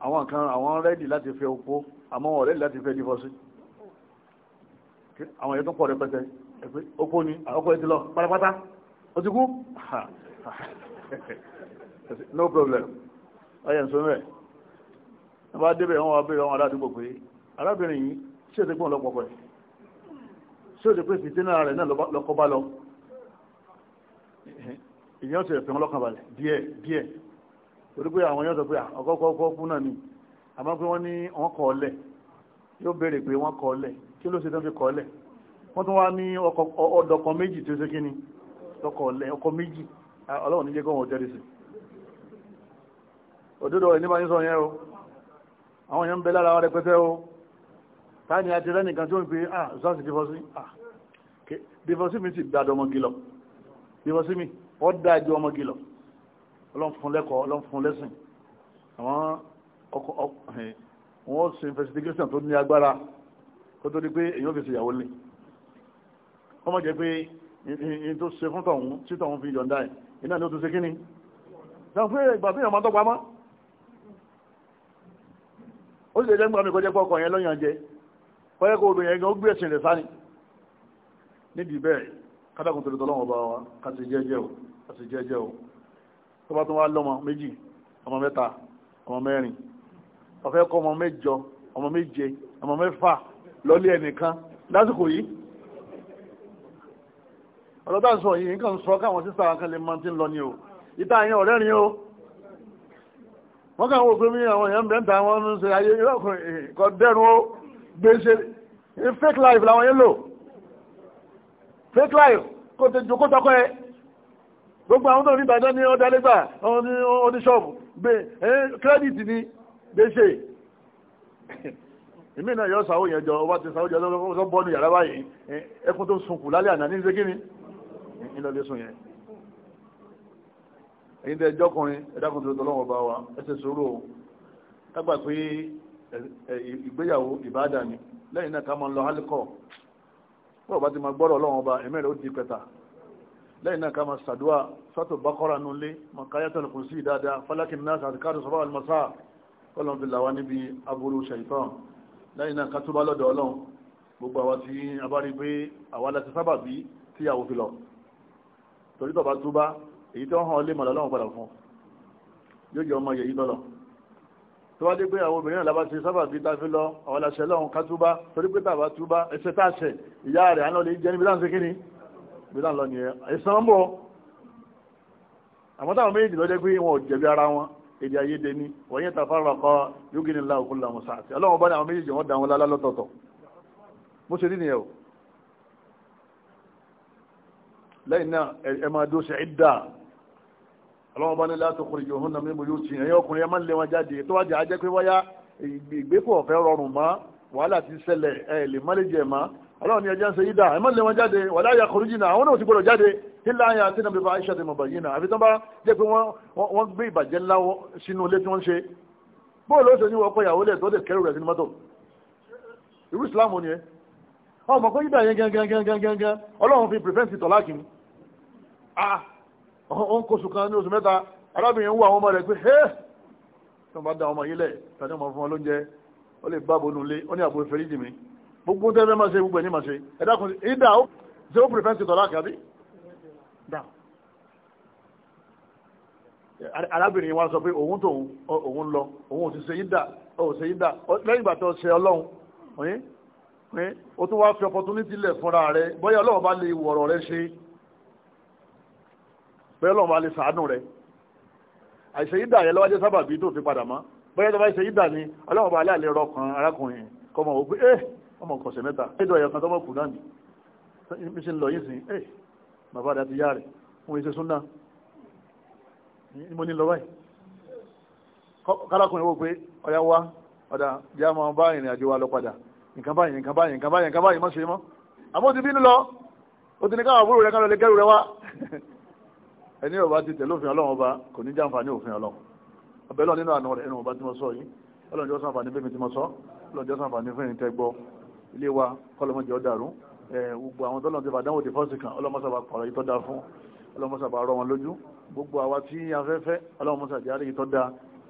àwọn kan àwọn rẹ́dì láti fẹ́ opó àmọ́ wọn rẹ́dì láti fẹ́ dífọ́sí àwọn èyí tó pọ̀ rẹpẹtẹ ẹgbẹ́ opó ni ọkọ̀ ẹtì lọ pátápátá ó ti kú no problem ọyẹ ǹsọ mẹ́rẹ̀ wọ́n bá débẹ̀ wọn wá bèèrè àwọn aládùúgbò pé arábìnrin yìí sí èdè gbọ́n lọ́pọ̀ pẹ̀ sí èdè pé fìtínà rẹ̀ náà lọ́kọ́ bá lọ ìyẹn ọ̀sẹ̀ ẹ̀fẹ̀ wọn lọ́kàn balẹ̀ díẹ̀ díẹ̀ torí pé àwọn yóò sọ pé ah, ọkọ̀ọ̀kọ̀ kú náà ni àmọ́ pé wọ́n ní wọ́n kọ̀ ọ́lẹ̀ yóò béèrè pé wọ́n kọ̀ ọ́lẹ̀ kí ló ṣe tó fi kọ̀ ọ́lẹ̀ wọ́n tún wá ní ọ̀dọ̀kan méjì tó ṣe kí ni ọkọ̀ ọ̀lẹ̀ ọkọ̀ méjì ọlọ́run ní jẹ́ kọ́ wọn jẹ́rì o àwọn èèyàn ń bẹ lára wa rẹpẹtẹ o táà ní àti rẹ́nìkan ah zọ́ọ̀sì ah dífọ́sí mi ti dáadọ́ ọmọ mi ó dáadọ́ ọlọ́run fún lẹ́kọ̀ọ́ ọlọ́run fún lẹ́sìn àwọn ọkọ̀ wọ́n ṣe investigation tó ní agbára kó tó di pé èèyàn fi ṣèyàwó lé wọ́n mọ̀ jẹ́ pé in tó ṣe fún tọ̀hún tí tọ̀hún fi yọ̀ǹda ẹ̀ iná ni ó tún ṣe kíni náà fún ìgbà tí èèyàn máa tọ́pa mọ́ ó sì lè jẹ́ nípa mi kọjá pọ̀ ọkọ̀ yẹn lọ́yàn jẹ kọjá kó obìnrin yẹn gan ó gbé ẹ̀sìn rẹ̀ sáni nídìí bẹ́ẹ̀ kátàkùn tó lè bá wa ká jẹ́jẹ́ o ká ti jẹ́jẹ́ o tó bá tún wá lọ́mọ méjì ọmọ mẹ́ta ọmọ mẹ́rin ó fẹ́ kọ́ ọmọ mẹ́jọ ọmọ méje ọmọ mẹ́fà lọ́lé ẹnìkan lásìkò yìí ọlọ́dá sọ yìí nǹkan sọ káwọn sísà kan lè máa ti ń lọ ní o ìta àyẹn ọ̀rẹ́ rin o wọ́n kàn wò pé mí àwọn èèyàn bẹ́ẹ̀ta wọn ń ṣe ayé ìrọ̀kùnrin eh, kọ dẹ́rùn ó gbèsè eh, fake life làwọn yẹn lò fake life kò tẹ jòkó tọkọ ẹ gbogbo àwọn tó ní ìbàdàn ní ọdá lẹ́gbà oníṣọ́ọ̀bù kírẹ́dìtì ni gbèsè èmi náà yọ sàwó yẹn jọ ọba ti sàwó jọ lọ́wọ́ bọ́ọ̀nù yàrá báyìí ẹkún tó sunkù lálẹ́ àná ní ṣe kíni ìlọlẹ́ sùn yẹn èyí tẹ jọkùnrin ẹ̀dákùn tó tọ́lọ́wọ́ bá wa ẹsẹ̀ sòrò kágbà pé ìgbéyàwó ìbáàdà ni lẹ́yìn náà ká máa lọ hálíkọ̀ bọ́ọ̀ bá ti máa gbọ́rọ̀ lẹ́yìn náà ká máa sàdúwà sọ́tò bákọ́rà nulé makayatul kursi dáadáa falakin nas àti káàdù sọ́fà almasá kọ́lọ̀ fi làwá níbi aburú shaitan lẹ́yìn náà ká túbá lọ́dọ̀ ọlọ́run gbogbo àwa tí a bá rí pé àwa láti sábà bí tí ìyàwó fi lọ torí tọba túbá èyí tó hàn lé màlá ọlọ́run padà fún yóò jẹ́ ọmọ yẹ̀yí lọ́lọ́ tó wá dé pé àwọn obìnrin bí láà lọ nìyẹn ẹ̀sán ń bọ̀ àmọ́ táwọn méjì lọ́jọ́ pé wọn ò jẹ̀bi ara wọn èdè àìyedè ni wọ́n yẹn tàfàrà kọ́ yókè ní láàkú làwọn sàtì ọlọ́wọ́n bá ní àwọn méjèèjì wọn dà lálá lọ́tọ̀ọ̀tọ̀ bó ṣe rí nìyẹn o lẹ́yìn náà ẹ máa dó ṣe ìdá ọlọ́wọ́n bá ní láti kúrò yóò hún nàmí mojú tì ẹ̀yìn ọkùnrin ẹ máa ń lé wọn jáde tó wájà á jẹ́ pé wáyá ìgbékò ọlọ́run ni ẹjẹ́ ń ṣe yídà ẹ̀mọ́ lé wọn jáde wà láyà kọrújìnà àwọn náà ti gbọ́dọ̀ jáde nílá ayà tí nàbí bá iṣẹ́ tẹmọ̀ bàyí náà àfi tán bá jẹ́ pé wọ́n gbé ìbàjẹ́ ńlá sínú ilé tí wọ́n ṣe bóòlù ó ṣe ní wọ́pọ̀ ìyàwó lẹ̀ tó lè kẹrù rẹ̀ sínú mọ́tò irú islam ni ẹ ọmọ kó yídà yẹn gangan ọlọ́run fi prevent tọ̀ láàkì mi ah òun kóṣù kan ní oṣù mẹ́ta arábìnrin wọ àwọn ọmọ rẹ̀ pé hẹ́ tí wọ́n bá da ọmọ yìí lẹ̀ tani ọmọ fún wọn lóúnjẹ ó lè bá bonú lé ó ní àbò ìfẹ́ríjì mi gbogbo tẹ́lẹ̀ máa ṣe gbogbo ẹ̀ ní máa ṣe ẹ̀dákun ìdá ó ṣe ó pìrìfẹ́ǹsì tọ́lá àkàbí arábìnrin wa sọ pé òun tóun òun lọ òun ò sì ṣe ìdá ò ṣe ìdá lẹ́yìn ìgbà tó ṣe ọlọ́run oyin o tún wá fi opportunity lẹ̀ fúnra rẹ̀ bóyá ọlọ́run bá lè wọ̀rọ̀ rẹ̀ ṣe bóyá ọlọ́run bá lè sàánù rẹ̀ àìṣe ìdá yẹn lọ́wọ́ jẹ́ sábàbí tó fi padà mọ́ bóyá ọlọ́run bá ṣe ìdá ni ọlọ́run bá lè rọkàn arákùnrin kọmọ òpin eh ọmọ kọ̀ọ̀sẹ̀ mẹ́ta ẹ̀dọ̀ ẹ̀yọ̀ kan tọ́mọ̀ kù náà ni bí ṣe ń lọ yìí sìn ẹ̀ eh, bàbá rẹ̀ ti yá rẹ̀ wọ́n ṣe súnná ní mo ní lọ báyìí kálákùnrin wò pé ọ̀yá wá ọ̀dà bí a máa bá ìrìn àjò wa lọ padà nǹkan báyìí nǹkan báyìí nǹkan báyìí nǹkan báyìí má ṣe mọ́ àmọ́ ó ti bínú lọ ó ti ní káwọn àbúrò ká ilé wa kọlọmọjọ dàrú gbogbo àwọn tọ́lọ̀ ti fàdánwò ti fọ́sì kan ọlọ́mọsàbà pàrọ̀ yìí tọ́ da fún ọlọ́mọsàbà rọ wọn lójú gbogbo àwa tí afẹ́fẹ́ ọlọ́mọsàjáre yìí tọ́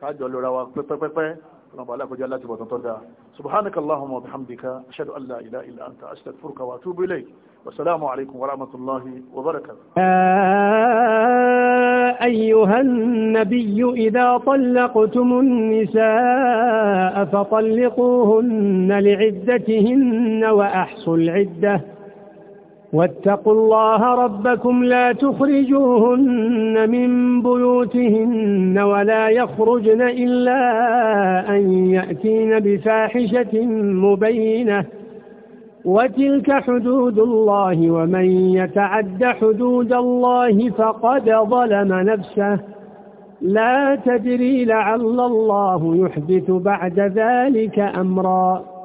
kájọ lóra wa pẹ́pẹ́pẹ́ ọlọ́mọ alákọjá láti bọ̀tán tọ́ subhanakallahumma wa bihamdika ashhadu an la ilaha illa anta astaghfiruka wa atubu ilayk wa assalamu alaykum wa rahmatullahi wa barakatuh uh, أيها النبي إذا طلقتم النساء فطلقوهن لعدتهن وأحصوا العدة واتقوا الله ربكم لا تخرجوهن من بيوتهن ولا يخرجن إلا أن يأتين بفاحشة مبينة وتلك حدود الله ومن يتعد حدود الله فقد ظلم نفسه لا تدري لعل الله يحدث بعد ذلك أمرا